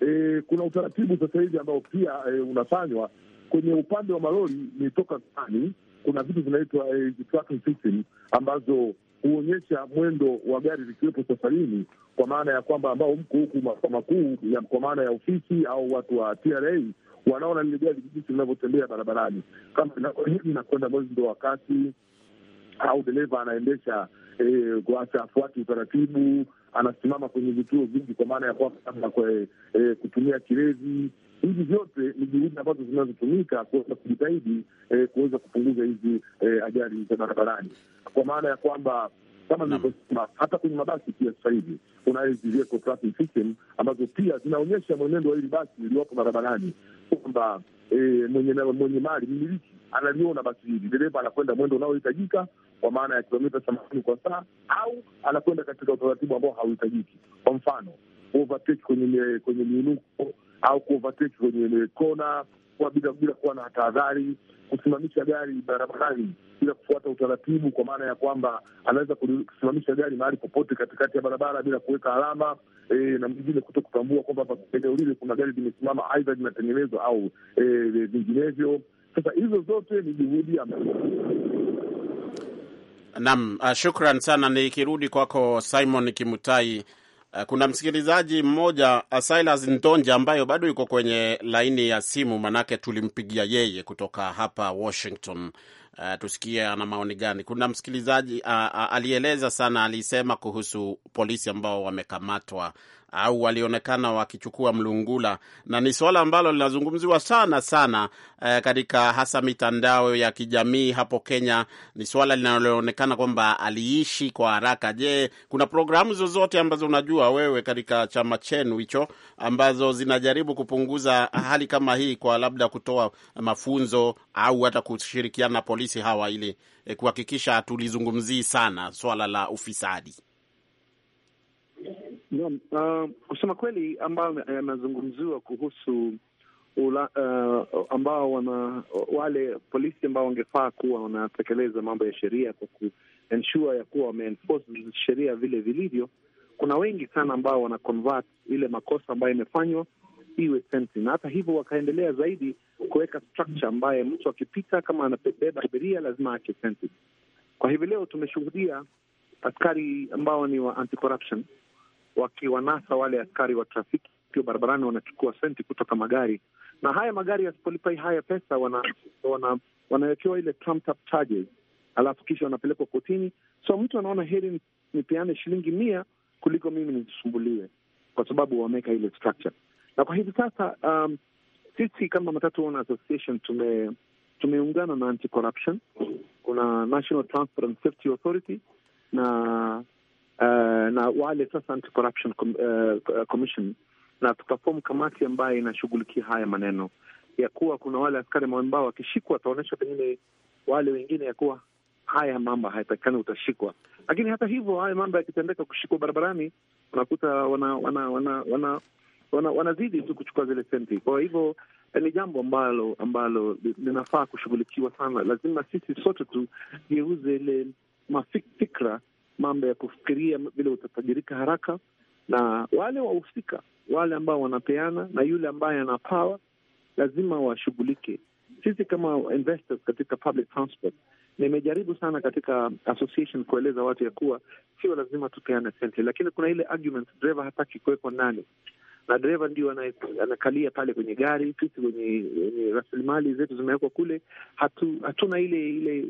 e, eh, kuna utaratibu sasa hivi ambao pia e, unafanywa kwenye upande wa malori ni toka ani Kuna vitu vinaitwa e, tracking system ambazo huonyesha mwendo wa gari likiwepo safarini, kwa maana ya kwamba ambao mko huku makao makuu, kwa maana ya ofisi au watu wa TRA wanaona lile gari jinsi linavyotembea barabarani, kama hivi inakwenda mwezi ndo wakati au dereva anaendesha eh, afuati utaratibu, anasimama kwenye vituo vingi, kwa maana ya kwamba kwa, eh, kutumia kirezi. Hivi vyote ni juhudi ambazo zinazotumika kuweza kujitahidi eh, kuweza kupunguza hizi eh, ajali za barabarani, kwa maana ya kwamba kama nilivyosema, hata kwenye mabasi pia sasa hivi kuna zilizoko traffic system ambazo pia zinaonyesha mwenendo wa hili basi iliyopo barabarani kwamba e, mwenye mwenye mali mmiliki analiona basi hili, dereva anakwenda mwendo unaohitajika kwa maana ya kilomita themanini kwa saa, au anakwenda katika utaratibu ambao hauhitajiki, kwa mfano overtake kwenye kwenye miinuko au kuovertake kwenye kona bila bila kuwa na tahadhari kusimamisha gari barabarani bila kufuata utaratibu, kwa maana ya kwamba anaweza kusimamisha gari mahali popote katikati ya barabara bila kuweka alama e, na mwingine kuto kutambua kwamba eneo lile kuna gari limesimama, aidha linatengenezwa au e, vinginevyo. E, sasa hizo zote ni juhudi ambazo Naam, ah, shukran sana. Nikirudi kwako Simon Kimutai, Eh, kuna msikilizaji mmoja eh, Silas Ntonja ambayo bado yuko kwenye laini ya simu, manake tulimpigia yeye kutoka hapa Washington. Uh, tusikie ana maoni gani. Kuna msikilizaji uh, uh, alieleza sana, alisema kuhusu polisi ambao wamekamatwa au walionekana wakichukua mlungula, na ni suala ambalo linazungumziwa sana sana eh, katika hasa mitandao ya kijamii hapo Kenya. Ni suala linaloonekana kwamba aliishi kwa haraka. Je, kuna programu zozote ambazo unajua wewe katika chama chenu hicho ambazo zinajaribu kupunguza hali kama hii, kwa labda kutoa mafunzo au hata kushirikiana na polisi hawa ili eh, kuhakikisha hatulizungumzii sana swala la ufisadi? Naam, uh, kusema kweli ambayo yanazungumziwa kuhusu ula, uh, ambao wana wale polisi ambao wangefaa kuwa wanatekeleza mambo ya sheria kwa kuensure ya kuwa wameenforce sheria vile vilivyo. Kuna wengi sana ambao wana convert ile makosa ambayo imefanywa iwe sentence, na hata hivyo wakaendelea zaidi kuweka structure ambaye mtu akipita kama anabeba sheria lazima ake sentence. Kwa hivi leo tumeshuhudia askari ambao ni wa anti-corruption wakiwanasa wale askari wa trafiki wakiwa barabarani, wanachukua senti kutoka magari, na haya magari yasipolipai haya pesa wanawekewa wana, wana ile trumped up charges, alafu kisha wanapelekwa kotini. So mtu anaona heri nipeane shilingi mia kuliko mimi nisumbuliwe, kwa sababu wameweka ile structure. Na kwa hivi sasa um, sisi kama Matatu Owners Association tume tumeungana na anti corruption, kuna National Transport and Safety Authority na Eh, na wale sasa Anti-Corruption eh, Commission na tutafom kamati ambayo inashughulikia haya maneno ya kuwa kuna wale askari ambao wakishikwa wataonyesha pengine wale wengine ya kuwa haya mambo hayatakikani utashikwa. Lakini hata hivyo haya mambo yakitendeka, kushikwa barabarani, unakuta wana wana wana wana wanazidi wana tu kuchukua zile senti. Kwa hivyo eh, ni jambo ambalo ambalo linafaa kushughulikiwa sana. Lazima sisi sote tugeuze ile mafikra mambo ya kufikiria vile utatajirika haraka, na wale wahusika wale ambao wanapeana na yule ambaye anapawa lazima washughulike. Sisi kama investors katika public transport, nimejaribu sana katika association kueleza watu ya kuwa sio lazima tupeane senti, lakini kuna ile argument, hataki kuwekwa ndani na dereva ndio anakalia pale kwenye gari. Sisi wenye rasilimali zetu zimewekwa kule, hatu, hatuna ile ile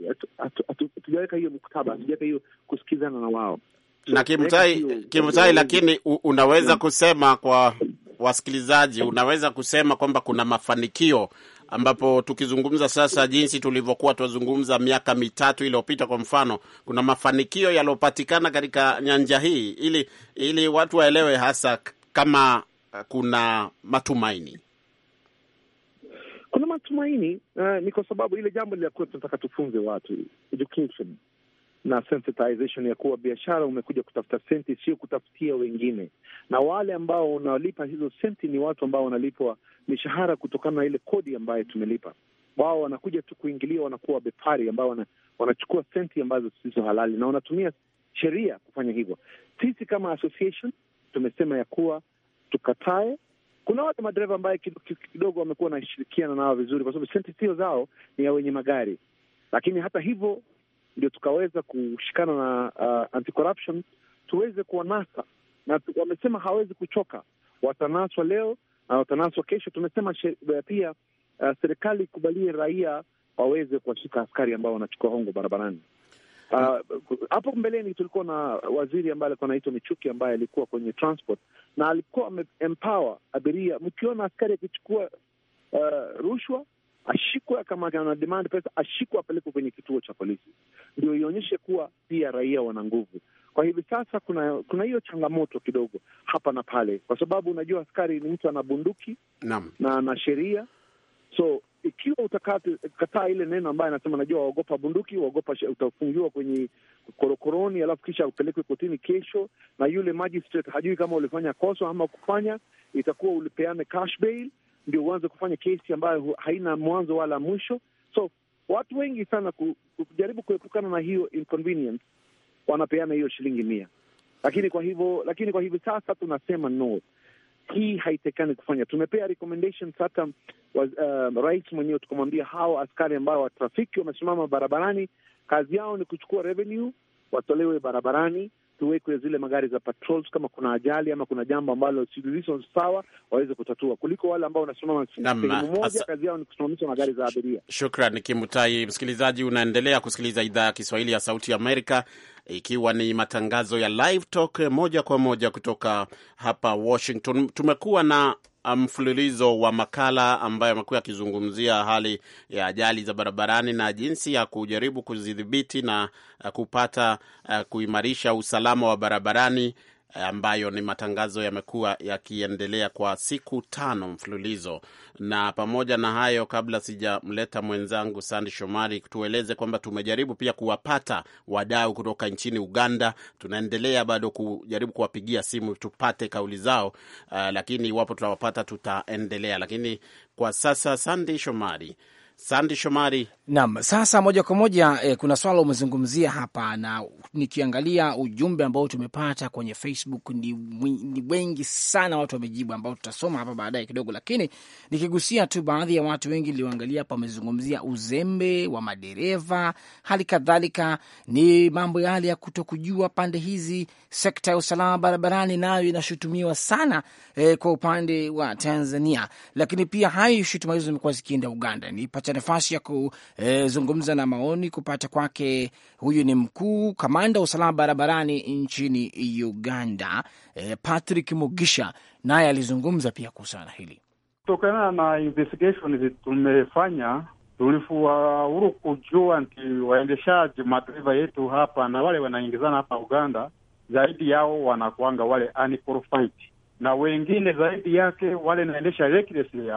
hatujaweka hiyo mkataba, hatujaweka hiyo kusikizana na wao na Kimtai, Kimutai, lakini unaweza mm. kusema kwa wasikilizaji, unaweza kusema kwamba kuna mafanikio ambapo tukizungumza sasa jinsi tulivyokuwa tunazungumza miaka mitatu iliyopita, kwa mfano, kuna mafanikio yaliyopatikana katika nyanja hii, ili ili watu waelewe hasa kama Eh, kuna matumaini? Kuna matumaini uh, ni kwa sababu ile jambo lilakuwa tunataka tufunze watu education na sensitization ya kuwa biashara umekuja kutafuta senti, sio kutafutia wengine, na wale ambao wanalipa hizo senti ni watu ambao wanalipwa mishahara kutokana na ile kodi ambayo tumelipa. Wao wanakuja tu kuingilia, wanakuwa befari ambao wana, wanachukua senti ambazo sizo halali na wanatumia sheria kufanya hivyo. Sisi kama association tumesema ya kuwa tukatae. Kuna wale madereva ambaye kidogo wamekuwa wanashirikiana nao vizuri, kwa sababu sio zao ni ya wenye magari, lakini hata hivyo ndio tukaweza kushikana na uh, anti-corruption tuweze kuwanasa, na wamesema hawezi kuchoka, watanaswa leo na watanaswa kesho. Tumesema eh, pia uh, serikali ikubalie raia waweze kuwashika askari ambao wanachukua hongo barabarani. Uh, hapo uh, mbeleni tulikuwa na waziri ambaye alikuwa anaitwa Michuki ambaye alikuwa kwenye transport na alikuwa ame abiria. Mkiona askari akichukua uh, rushwa ashikwe, kama ana demand pesa ashikwe, apelekwe kwenye kituo cha polisi, ndio ionyeshe kuwa pia raia wana nguvu. Kwa hivi sasa kuna kuna hiyo changamoto kidogo hapa na pale, kwa sababu unajua askari ni mtu ana bunduki na na ana sheria so ikiwa utakataa ile neno ambaye anasema najua waogopa bunduki, waogopa utafungiwa kwenye korokoroni, alafu kisha upelekwe kotini kesho, na yule magistrate hajui kama ulifanya kosa ama kufanya, itakuwa ulipeane cash bail ndio uanze kufanya kesi ambayo haina mwanzo wala mwisho. So watu wengi sana kujaribu kuepukana na hiyo inconvenience, wanapeana hiyo shilingi mia. Lakini kwa hivyo, lakini kwa hivi sasa tunasema no hii haitekani kufanya. Tumepea recommendations hata uh, um, rais mwenyewe tukamwambia, hao askari ambao watrafiki wamesimama barabarani, kazi yao ni kuchukua revenue, watolewe barabarani tuwekwe zile magari za patrols, kama kuna ajali ama kuna jambo ambalo suluhisho sawa waweze kutatua, kuliko wale ambao wanasimama sehemu moja, kazi yao ni kusimamisha magari za abiria. Shukran Kimutai. Msikilizaji, unaendelea kusikiliza idhaa ya Kiswahili ya Sauti Amerika, ikiwa ni matangazo ya Live Talk moja kwa moja kutoka hapa Washington. Tumekuwa na Um, mfululizo wa makala ambayo amekuwa akizungumzia hali ya ajali za barabarani na jinsi ya kujaribu kuzidhibiti na uh, kupata uh, kuimarisha usalama wa barabarani ambayo ni matangazo yamekuwa yakiendelea kwa siku tano mfululizo. Na pamoja na hayo, kabla sijamleta mwenzangu Sandi Shomari tueleze kwamba tumejaribu pia kuwapata wadau kutoka nchini Uganda. Tunaendelea bado kujaribu kuwapigia simu tupate kauli zao, uh, lakini iwapo tutawapata tutaendelea, lakini kwa sasa Sandi Shomari Sandi Shomari. Naam, sasa moja kwa moja eh, kuna swala umezungumzia hapa, na nikiangalia ujumbe ambao tumepata kwenye Facebook ni, ni wengi sana watu wamejibu, ambao tutasoma hapa baadaye kidogo, lakini nikigusia tu baadhi ya watu wengi nilioangalia hapa wamezungumzia uzembe wa madereva, hali kadhalika ni mambo yale ya kutokujua pande hizi. Sekta ya usalama barabarani nayo inashutumiwa sana eh, kwa upande wa Tanzania, lakini pia hayo shutuma hizo zimekuwa zikienda Uganda. Nilipata tumepata nafasi ya kuzungumza na maoni kupata kwake. Huyu ni mkuu kamanda wa usalama barabarani nchini Uganda, e, Patrick Mugisha, naye alizungumza pia kuhusiana na hili. Kutokana na investigation tumefanya tulifuahuru kujua nti waendeshaji madriva yetu hapa na wale wanaingizana hapa Uganda, zaidi yao wanakuanga wale unqualified na wengine zaidi yake wale naendesha recklessly,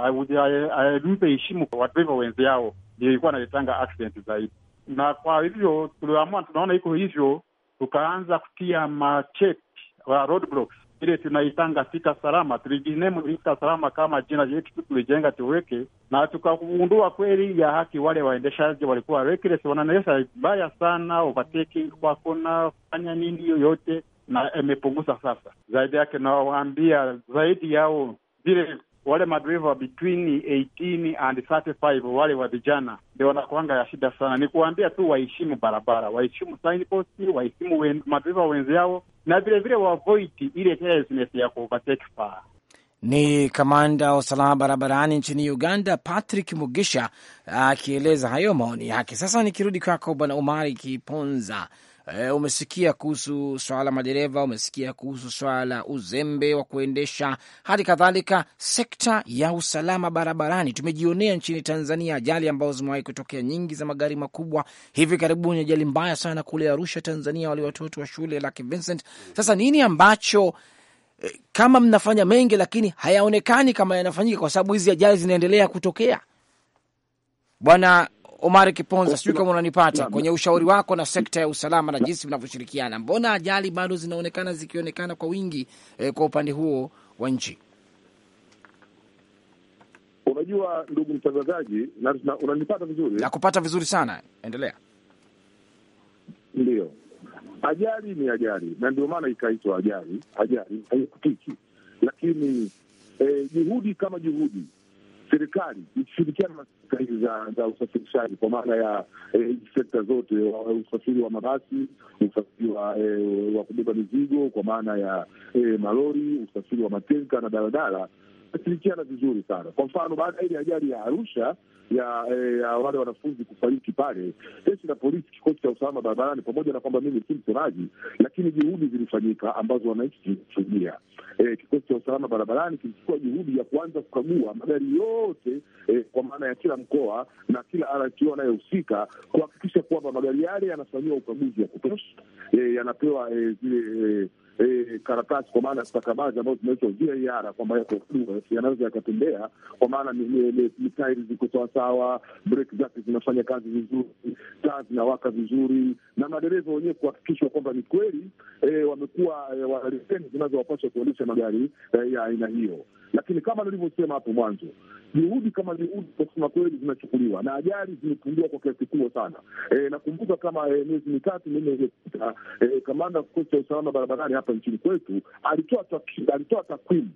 alimpe heshimu kwa wadriva wenzao, ndio ilikuwa naletanga accident zaidi. Na kwa hivyo tuliamua, tunaona iko hivyo, tukaanza kutia machek wa uh, roadblocks, ile tunaitanga fika salama, tulijinemu fika salama kama jina yetu tulijenga tuweke, na tukagundua kweli ya haki wale waendeshaji walikuwa reckless, wanaendesha mbaya sana, overtaking, wakona fanya nini yoyote na imepunguza sasa. Zaidi yake nawaambia zaidi yao vile wale madriva between 18 and 35 wale wa vijana ndio wanakuanga ya shida sana. Ni kuwaambia tu waheshimu barabara, waheshimu signpost, waheshimu wen, madriva yao na vilevile waavoid ile carelessness ya kuovertake far. Ni kamanda wa usalama barabarani nchini Uganda, Patrick Mugisha akieleza hayo maoni yake. Sasa nikirudi kwako Bwana Umari Kiponza. E, umesikia kuhusu swala la madereva, umesikia kuhusu swala la uzembe wa kuendesha, hadi kadhalika sekta ya usalama barabarani. Tumejionea nchini Tanzania ajali ambazo zimewahi kutokea nyingi za magari makubwa. Hivi karibuni ajali mbaya sana kule Arusha, Tanzania, wale watoto wa shule Lucky Vincent. Sasa nini ambacho eh, kama mnafanya mengi lakini hayaonekani kama yanafanyika, kwa sababu hizi ajali zinaendelea kutokea, bwana Omar Kiponza, sijui kama unanipata kwenye ushauri wako na sekta ya usalama na jinsi mnavyoshirikiana, mbona ajali bado zinaonekana zikionekana kwa wingi eh, kwa upande huo wa nchi? Unajua ndugu mtangazaji, na unanipata vizuri? Nakupata vizuri sana, endelea. ndio ajali ni ajali, na ndio maana ikaitwa ajali. Ajali haikutiki, lakini eh, juhudi kama juhudi serikali ikishirikiana na hizi za, za usafirishaji kwa maana ya e, sekta zote, usafiri wa mabasi, usafiri wa, e, wa kubeba mizigo kwa maana ya e, malori, usafiri wa matenka na daladala tunashirikiana vizuri sana. Kwa mfano, baada ya ile ajali ya Arusha ya, eh, ya wale wanafunzi kufariki pale, jeshi la polisi, kikosi cha usalama barabarani, pamoja na kwamba mimi si msemaji, lakini juhudi zilifanyika ambazo wananchi tulishuhudia. E, eh, kikosi cha usalama barabarani kilichukua juhudi ya kuanza kukagua magari yote e, kwa maana ya kila mkoa na kila RTO anayehusika kuhakikisha kwamba magari yale yanafanyiwa ukaguzi wa kutosha, e, yanapewa e, zile e, e, karatasi kwa maana ya stakabadhi ambazo zinaitwa VAR kwamba yako yanaweza yakatembea, kwa maana mitairi ziko sawasawa, breki zake zinafanya kazi vizuri, taa zinawaka vizuri, na madereva wenyewe kuhakikishwa kwamba ni kweli e, wamekuwa e, wana leseni zinazowapasha kuendesha magari e, ya aina hiyo. Lakini kama nilivyosema hapo mwanzo, juhudi kama juhudi kwa kusema kweli zinachukuliwa na ajali zimepungua kwa kiasi kubwa sana. E, nakumbuka kama e, miezi mitatu minne iliyopita e, kamanda wa kikosi cha usalama barabarani hapa nchini kwetu alitoa alitoa takwimu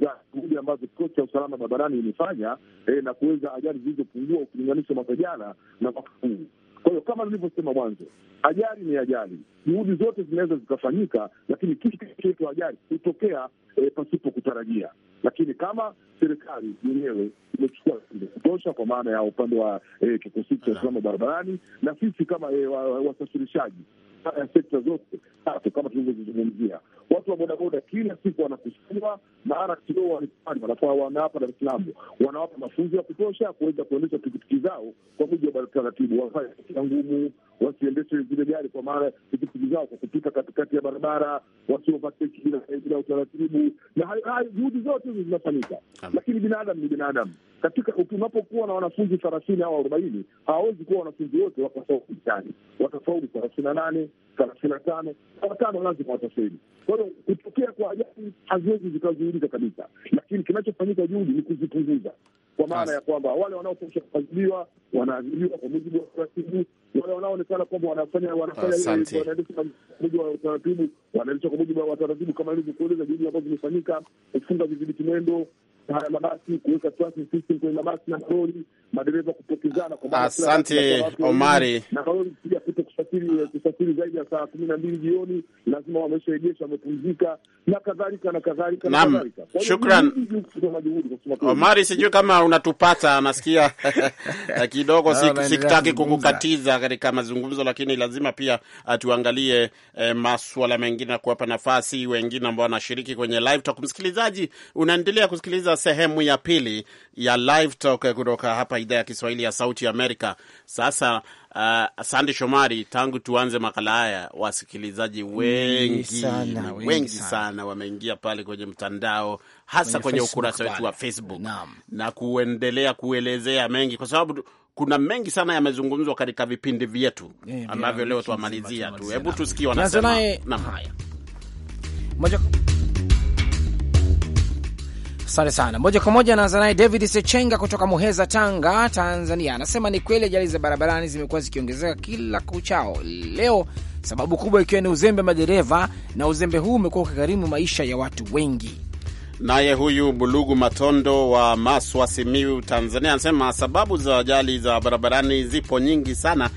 za juhudi ambazo kikosi cha usalama barabarani imefanya e, na kuweza ajali zilizopungua ukilinganisha mwaka jana na mwaka huu. Kwa hiyo kama nilivyosema mwanzo, ajali ni ajali, juhudi zote zinaweza zikafanyika, lakini kitu kinachoitwa ajali hutokea e, pasipo kutarajia lakini kama serikali yenyewe imechukua kutosha kwa maana ya upande wa eh, kikosi cha usalama barabarani na sisi kama eh, wasafirishaji wa sekta zote tatu kama tulivyozizungumzia, watu wa bodaboda kila siku wanakusanywa, maana kio walikani wanatoa wana hapa Dar es Salaam, wanawapa mafunzo ya kutosha kuweza kuendesha pikipiki zao kwa mujibu wa taratibu, wafanye kila ngumu, wasiendeshe zile gari kwa maana pikipiki zao kwa kupita katikati ya barabara, wasiovateki bila utaratibu, na hayo juhudi zote hizo zinafanyika, lakini binadamu ni binadamu. Katika unapokuwa na wanafunzi thelathini au arobaini hawawezi kuwa wanafunzi wote wakafaulu mtihani, watafaulu thelathini na nane thelathini na tano watano lazima watafeli. Kwa hiyo kutokea kwa ajali haziwezi zikazuilika kabisa, lakini kinachofanyika juhudi ni kuzipunguza, kwa maana ya kwamba wale wanaopasha kuadhibiwa wanaadhibiwa kwa mujibu wa taratibu, wale wanaoonekana kwamba wanafanya wanaendesha kwa mujibu wa utaratibu wanaendesha kwa mujibu wa kama ilivyokueleza juhudi ambazo zimefanyika kufunga vizibiti mwendo haya mabasi, kuweka traffic system kwenye mabasi na malori, madereva kupokezana. Kwa asante Omari, na malori pia kuto eh, kusafiri zaidi ya saa kumi na mbili jioni, lazima wameshaegesha, wamepumzika na kadhalika na kadhalika na kadhalika. Shukran Omari, sijui kama unatupata, nasikia eh, kidogo sikitaki kukukatiza katika mazungumzo, lakini lazima pia eh, tuangalie eh, maswala mengine na kuwapa nafasi wengine ambao wanashiriki kwenye live talk. Msikilizaji, unaendelea kusikiliza sehemu ya pili ya Live Talk kutoka hapa idhaa ya Kiswahili ya Sauti Amerika. Sasa uh, Sande Shomari, tangu tuanze makala haya wasikilizaji wengi sana, wengi, wengi sana, sana wameingia pale kwenye mtandao hasa kwenye, kwenye ukurasa wetu wa Facebook na, na kuendelea kuelezea mengi kwa sababu kuna mengi sana yamezungumzwa katika vipindi vyetu eh, ambavyo leo twamalizia tu. Hebu tusikie wanasema Asante sana. Moja kwa moja naanza naye David Sechenga kutoka Muheza, Tanga, Tanzania, anasema ni kweli ajali za barabarani zimekuwa zikiongezeka kila kuchao leo, sababu kubwa ikiwa ni uzembe madereva, na uzembe huu umekuwa ukigharimu maisha ya watu wengi. Naye huyu Bulugu Matondo wa Maswa, Simiu, Tanzania, anasema sababu za ajali za barabarani zipo nyingi sana,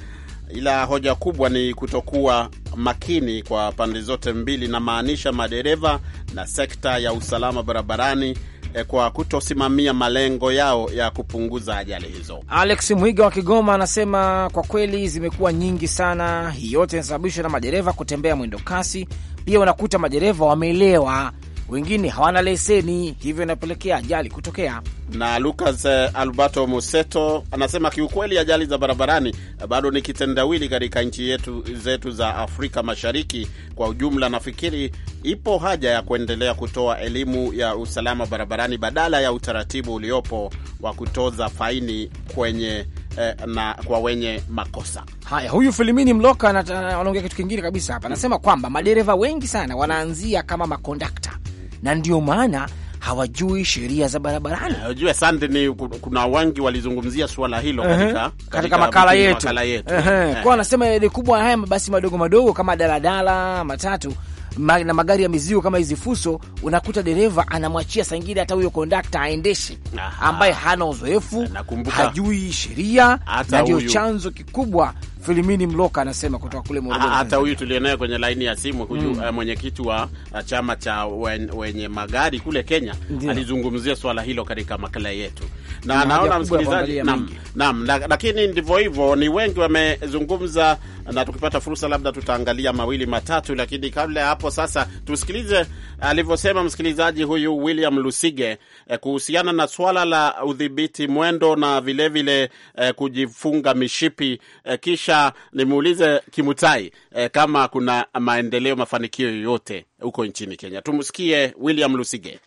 ila hoja kubwa ni kutokuwa makini kwa pande zote mbili, namaanisha madereva na sekta ya usalama barabarani eh, kwa kutosimamia malengo yao ya kupunguza ajali hizo. Alex Mwiga wa Kigoma anasema kwa kweli zimekuwa nyingi sana, hii yote inasababishwa na madereva kutembea mwendo kasi. Pia unakuta madereva wameelewa wengine hawana leseni, hivyo inapelekea ajali kutokea. Na Lucas eh, Alberto Museto anasema kiukweli, ajali za barabarani eh, bado ni kitendawili katika nchi yetu zetu za Afrika Mashariki kwa ujumla. Nafikiri ipo haja ya kuendelea kutoa elimu ya usalama barabarani badala ya utaratibu uliopo wa kutoza faini kwenye eh, na kwa wenye makosa haya. Huyu Filimini Mloka anaongea kitu kingine kabisa hapa, anasema kwamba madereva wengi sana wanaanzia kama makondakta na ndio maana hawajui sheria za barabarani. Unajua Sande, ni kuna wengi walizungumzia suala hilo uh -huh. katika, katika makala yetu, makala yetu. Uh -huh. Uh -huh. Kwa anasema ni kubwa haya mabasi madogo madogo kama daladala, matatu ma, na magari ya mizigo kama hizi fuso, unakuta dereva anamwachia sangida hata huyo kondakta aendeshe, ambaye hana uzoefu, hajui sheria, na ndio chanzo kikubwa Filimini Mloka anasema kutoka kule Morogoro. Ah, hata huyu tulionaye kwenye laini ya simu mm. Eh, mwenyekiti wa chama cha wen, wenye magari kule Kenya alizungumzia swala hilo katika makala yetu na naona msikilizaji, naam, naam, lakini ndivyo hivyo, ni wengi wamezungumza, na tukipata fursa labda tutaangalia mawili matatu, lakini kabla ya hapo sasa tusikilize alivyosema msikilizaji huyu William Lusige eh, kuhusiana na swala la udhibiti mwendo na vilevile vile, eh, kujifunga mishipi eh, kisha nimuulize Kimutai eh, kama kuna maendeleo, mafanikio yoyote huko nchini Kenya. Tumsikie William Lusige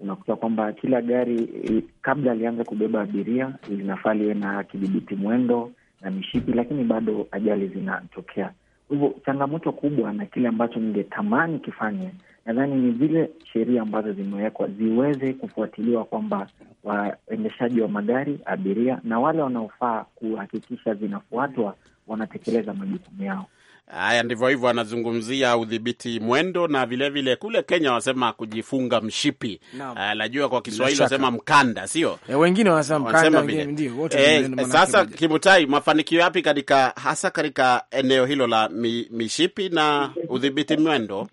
unakuta kwamba kila gari eh, kabla alianza kubeba abiria linafaa liwe na kidhibiti mwendo na mishipi, lakini bado ajali zinatokea. Kwa hivyo changamoto kubwa, na kile ambacho ningetamani kifanye, nadhani ni zile sheria ambazo zimewekwa ziweze kufuatiliwa, kwamba waendeshaji wa magari, abiria na wale wanaofaa kuhakikisha zinafuatwa wanatekeleza majukumu yao. Haya, ndivyo hivyo, anazungumzia udhibiti mwendo na vilevile vile, kule Kenya wanasema kujifunga mshipi. Ah, najua kwa Kiswahili wanasema mkanda, sio e, wengine wanasema mkanda, wengine ndio wote e. Sasa Kimutai, mafanikio yapi katika hasa katika eneo hilo la mi, mishipi na udhibiti mwendo?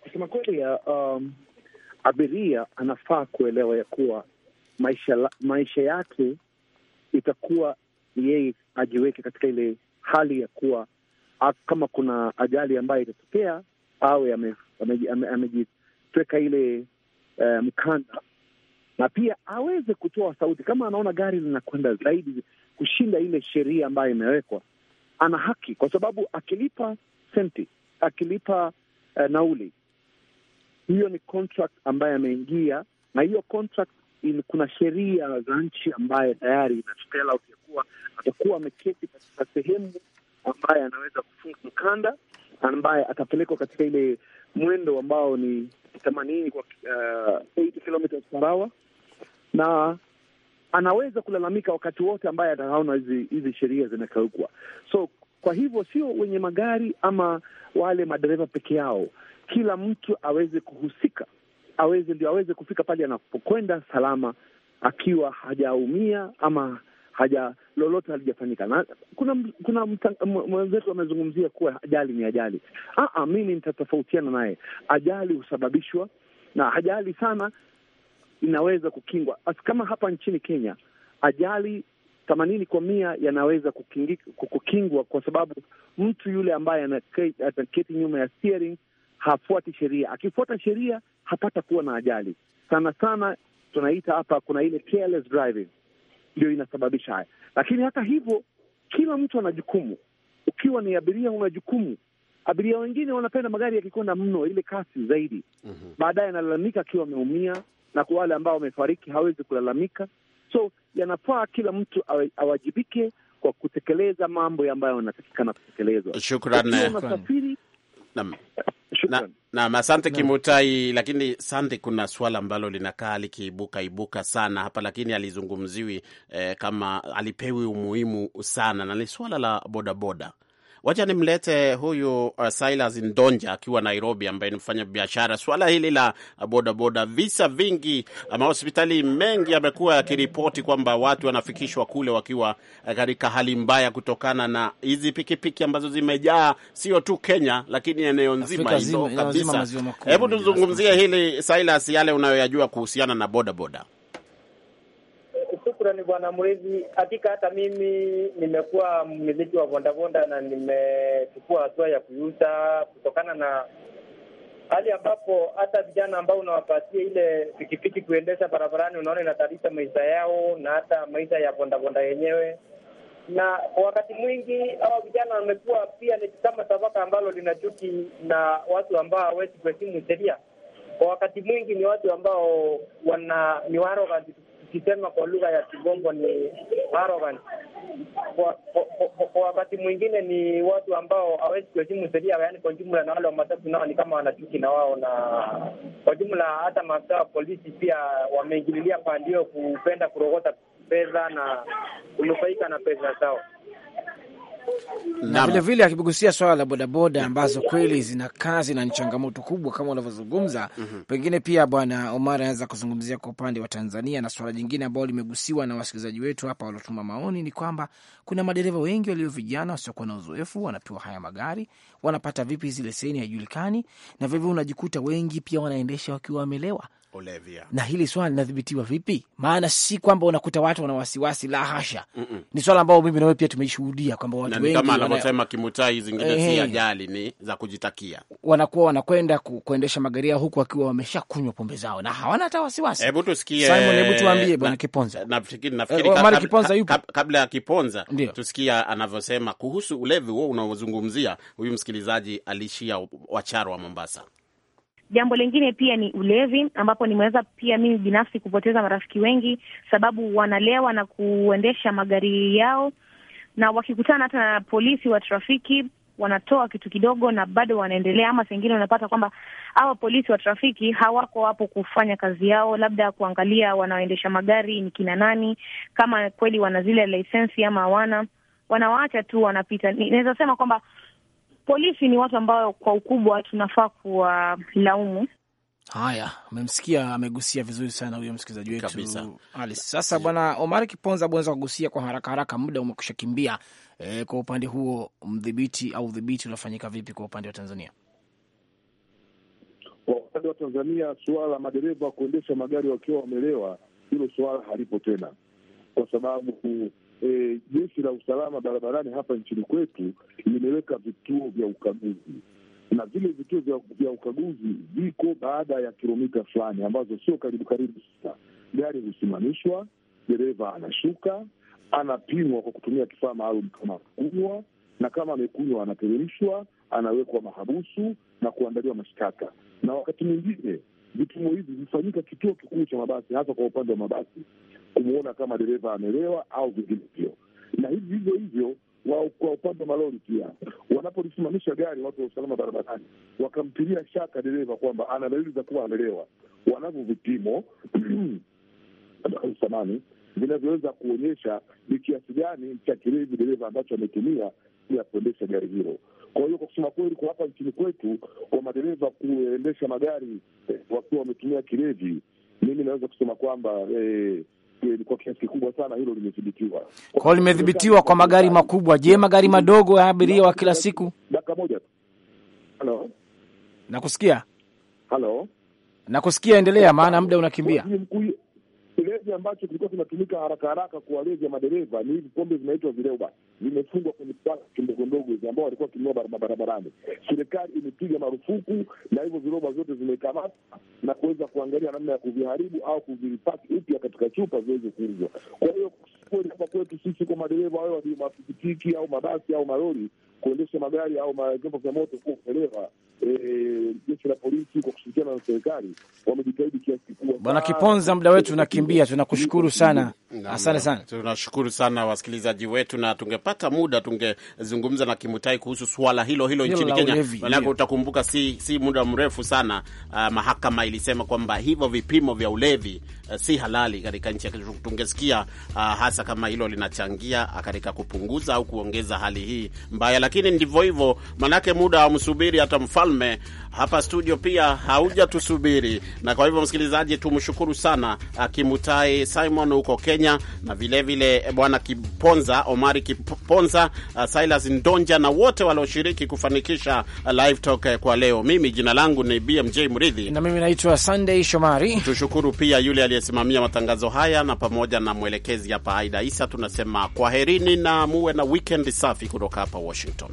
Kusema kweli, um, abiria anafaa kuelewa ya kuwa maisha, maisha yake itakuwa ni yeye ajiweke katika ile hali ya kuwa kama kuna ajali ambayo itatokea, awe amejitweka ile uh, mkanda, na pia aweze kutoa sauti kama anaona gari linakwenda zaidi kushinda ile sheria ambayo imewekwa. Ana haki, kwa sababu akilipa senti, akilipa uh, nauli, hiyo ni contract ambayo ameingia, na hiyo contract in, kuna sheria za nchi ambayo tayari inatutela kuwa atakuwa ameketi katika sehemu ambaye anaweza kufunga mkanda, ambaye atapelekwa katika ile mwendo ambao ni themanini kwa uh, 80 kilometers per hour, na anaweza kulalamika wakati wote ambaye ataona hizi hizi sheria zinakiukwa. So kwa hivyo sio wenye magari ama wale madereva peke yao, kila mtu aweze kuhusika, aweze ndio aweze kufika pale anapokwenda salama, akiwa hajaumia ama haja lolote halijafanyika, na kuna kuna mwenzetu amezungumzia kuwa ajali ni ajali. Aa, mimi nitatofautiana naye. Ajali husababishwa na ajali sana inaweza kukingwa, kama hapa nchini Kenya ajali themanini kwa mia yanaweza kukingwa kwa sababu mtu yule ambaye anaketi nyuma ya steering hafuati sheria. Akifuata sheria hapata kuwa na ajali. Sana sana tunaita hapa kuna ile careless driving ndio inasababisha haya. Lakini hata hivyo, kila mtu ana jukumu. Ukiwa ni abiria, una jukumu. Abiria wengine wanapenda magari yakikwenda mno, ile kasi zaidi. mm -hmm. Baadaye analalamika akiwa ameumia, na kwa wale ambao wamefariki hawezi kulalamika. So yanafaa kila mtu awajibike kwa kutekeleza mambo ambayo yanatakikana kutekelezwa. Shukrani. Unasafiri Naam. Na, na asante Kimutai, lakini sante, kuna swala ambalo linakaa likiibuka ibuka sana hapa, lakini alizungumziwi eh, kama alipewi umuhimu sana, na ni swala la bodaboda boda. Wacha nimlete huyu uh, Silas Ndonja akiwa Nairobi, ambaye ni mfanya biashara. Swala hili la bodaboda, visa vingi, uh, mahospitali mengi yamekuwa yakiripoti kwamba watu wanafikishwa kule wakiwa uh, katika hali mbaya kutokana na hizi pikipiki ambazo zimejaa, sio tu Kenya lakini eneo nzima hilo kabisa. Hebu tuzungumzie hili Silas, yale unayoyajua kuhusiana na bodaboda boda. Shukrani bwana mrezi Hakika hata mimi nimekuwa mmiliki wa Vondavonda na nimechukua hatua ya kuiuza kutokana na hali ambapo hata vijana ambao unawapatia ile pikipiki kuendesha barabarani, unaona inatarisha maisha yao na hata maisha ya Vondavonda yenyewe na kwa wakati mwingi hawa vijana wamekuwa pia ni kama tabaka ambalo lina chuki na watu ambao hawezi kuheshimu sheria. Kwa wakati mwingi ni watu ambao wana ni waroganti tukisema kwa lugha ya Kibongo ni arrogant. Kwa wakati mwingine ni watu ambao hawezi kuheshimu sheria, yaani kwa jumla, na wale wa matatu nao ni kama wanachuki na wao, na kwa jumla hata maafisa wa polisi pia wameingililia pandio kupenda kurogota pesa na kunufaika na pesa zao na vilevile akigusia swala la bodaboda ambazo kweli zina kazi na ni changamoto kubwa kama unavyozungumza. mm -hmm. Pengine pia Bwana Omar anaweza kuzungumzia kwa upande wa Tanzania, na swala jingine ambalo limegusiwa na wasikilizaji wetu hapa waliotuma maoni ni kwamba kuna madereva wengi walio vijana wasiokuwa na uzoefu wanapewa haya magari, wanapata vipi hizi leseni, haijulikani, na vilevile unajikuta wengi pia wanaendesha wakiwa wamelewa. Olivia. Na hili swala linadhibitiwa vipi? Maana si kwamba unakuta watu wana wasiwasi, la hasha. Mm -mm. Ni swala ambao mimi nawe pia tumeishuhudia kwamba watu wengi kama anavyosema wana... Kimutai, zingine hey, si ajali, ni za kujitakia, wanakuwa wanakwenda ku, kuendesha magari yao huku wakiwa wameshakunywa pombe zao na hawana hata wasiwasi. Hebu tusikie Simon, hebu tuambie bwana Kiponza. Nafikiri nafikiri eh, kama Kiponza kabla ya Kiponza tusikia anavyosema kuhusu ulevi huo unaozungumzia. Huyu msikilizaji alishia wacharo wa Mombasa. Jambo lingine pia ni ulevi, ambapo nimeweza pia mimi binafsi kupoteza marafiki wengi, sababu wanalewa na kuendesha magari yao, na wakikutana hata na polisi wa trafiki wanatoa kitu kidogo na bado wanaendelea. Ama sengine unapata kwamba hawa polisi wa trafiki hawako hapo kufanya kazi yao, labda kuangalia wanaoendesha magari ni kina nani, kama kweli wana zile lisensi ama hawana, wanawaacha tu wanapita. Naweza sema kwamba Polisi ni watu ambao kwa ukubwa tunafaa kuwalaumu. Haya, amemsikia amegusia vizuri sana huyo msikilizaji wetu Ali. Sasa bwana Omar Kiponza bwenza kugusia kwa haraka haraka, muda umekusha kimbia. E, kwa upande huo mdhibiti au udhibiti unafanyika vipi kwa upande wa Tanzania? Kwa upande wa Tanzania, suala la madereva kuendesha magari wakiwa wamelewa, hilo suala halipo tena, kwa sababu e, jeshi la usalama barabarani hapa nchini kwetu limeweka vituo vya ukaguzi na vile vituo vya, vya ukaguzi viko baada ya kilomita fulani ambazo sio karibu karibu sana. Gari husimamishwa, dereva anashuka, anapimwa kwa kutumia kifaa maalum kama kunywa, na kama amekunywa anateremshwa, anawekwa mahabusu na kuandaliwa mashtaka, na wakati mwingine vipimo hivi vifanyika kituo kikuu cha mabasi, hasa kwa upande wa mabasi, kumwona kama dereva amelewa au vinginevyo. Na hivi hivyo hivyo kwa upande wa malori pia, wanapolisimamisha gari watu wa usalama barabarani wakamtilia shaka dereva kwamba ana dalili za kuwa amelewa, wanavyo vipimo samani vinavyoweza kuonyesha ni kiasi gani cha kilevi dereva ambacho ametumia ili kuendesha gari hilo. Kwa hiyo kwa kusema kweli, kwa hapa nchini kwetu, kwa madereva kuendesha magari eh, wakiwa wametumia kilevi, mimi naweza kusema kwamba eh, eh kwa kiasi kikubwa sana hilo limedhibitiwa, kwa limethibitiwa limedhibitiwa kwa magari makubwa. Je, magari madogo ya abiria wa kila siku? Dakika moja tu. Halo, nakusikia. Halo, nakusikia, endelea, maana muda unakimbia. Kilevi ambacho kilikuwa kinatumika haraka haraka kuwalevya madereva ni hivi pombe zinaitwa vileo, vimefungwa kwenye plastiki ndogo ndogo hizi ambao walikuwa wakinunua barabarani. Serikali imepiga marufuku, na hivyo viroba vyote vimekamata na kuweza kuangalia namna ya kuviharibu au kuviripaki upya katika chupa ziweze kuuzwa. Kwa hiyo kweli hapa kwetu sisi kwa madereva wawe wali mapikipiki au mabasi au malori kuendesha magari au vyombo vya moto kuwa uelewa, e, jeshi la polisi kwa kushirikiana na serikali wamejitahidi kiasi kikubwa. Bwana Kiponza, muda wetu unakimbia kutuambia. Tunakushukuru sana, asante sana. Tunashukuru sana wasikilizaji wetu, na tungepata muda tungezungumza na Kimutai kuhusu swala hilo hilo, nchini Kenya, manake utakumbuka si, si muda mrefu sana uh, mahakama ilisema kwamba hivyo vipimo vya ulevi uh, si halali katika nchi. Tungesikia uh, hasa kama hilo linachangia katika kupunguza au kuongeza hali hii mbaya, lakini ndivyo hivyo, manake muda msubiri hata mfalme hapa studio pia haujatusubiri. Na kwa hivyo, msikilizaji, tumshukuru sana uh, Kimutai Simon huko Kenya, na vilevile eh, bwana Kiponza Omari Kiponza, uh, Silas Ndonja na wote walioshiriki kufanikisha uh, live talk eh, kwa leo. Mimi jina langu ni BMJ Mridhi na mimi naitwa Sunday Shomari. Tushukuru pia yule aliyesimamia matangazo haya na pamoja na mwelekezi hapa Aida Isa. Tunasema kwaherini na muwe na weekend safi kutoka hapa Washington.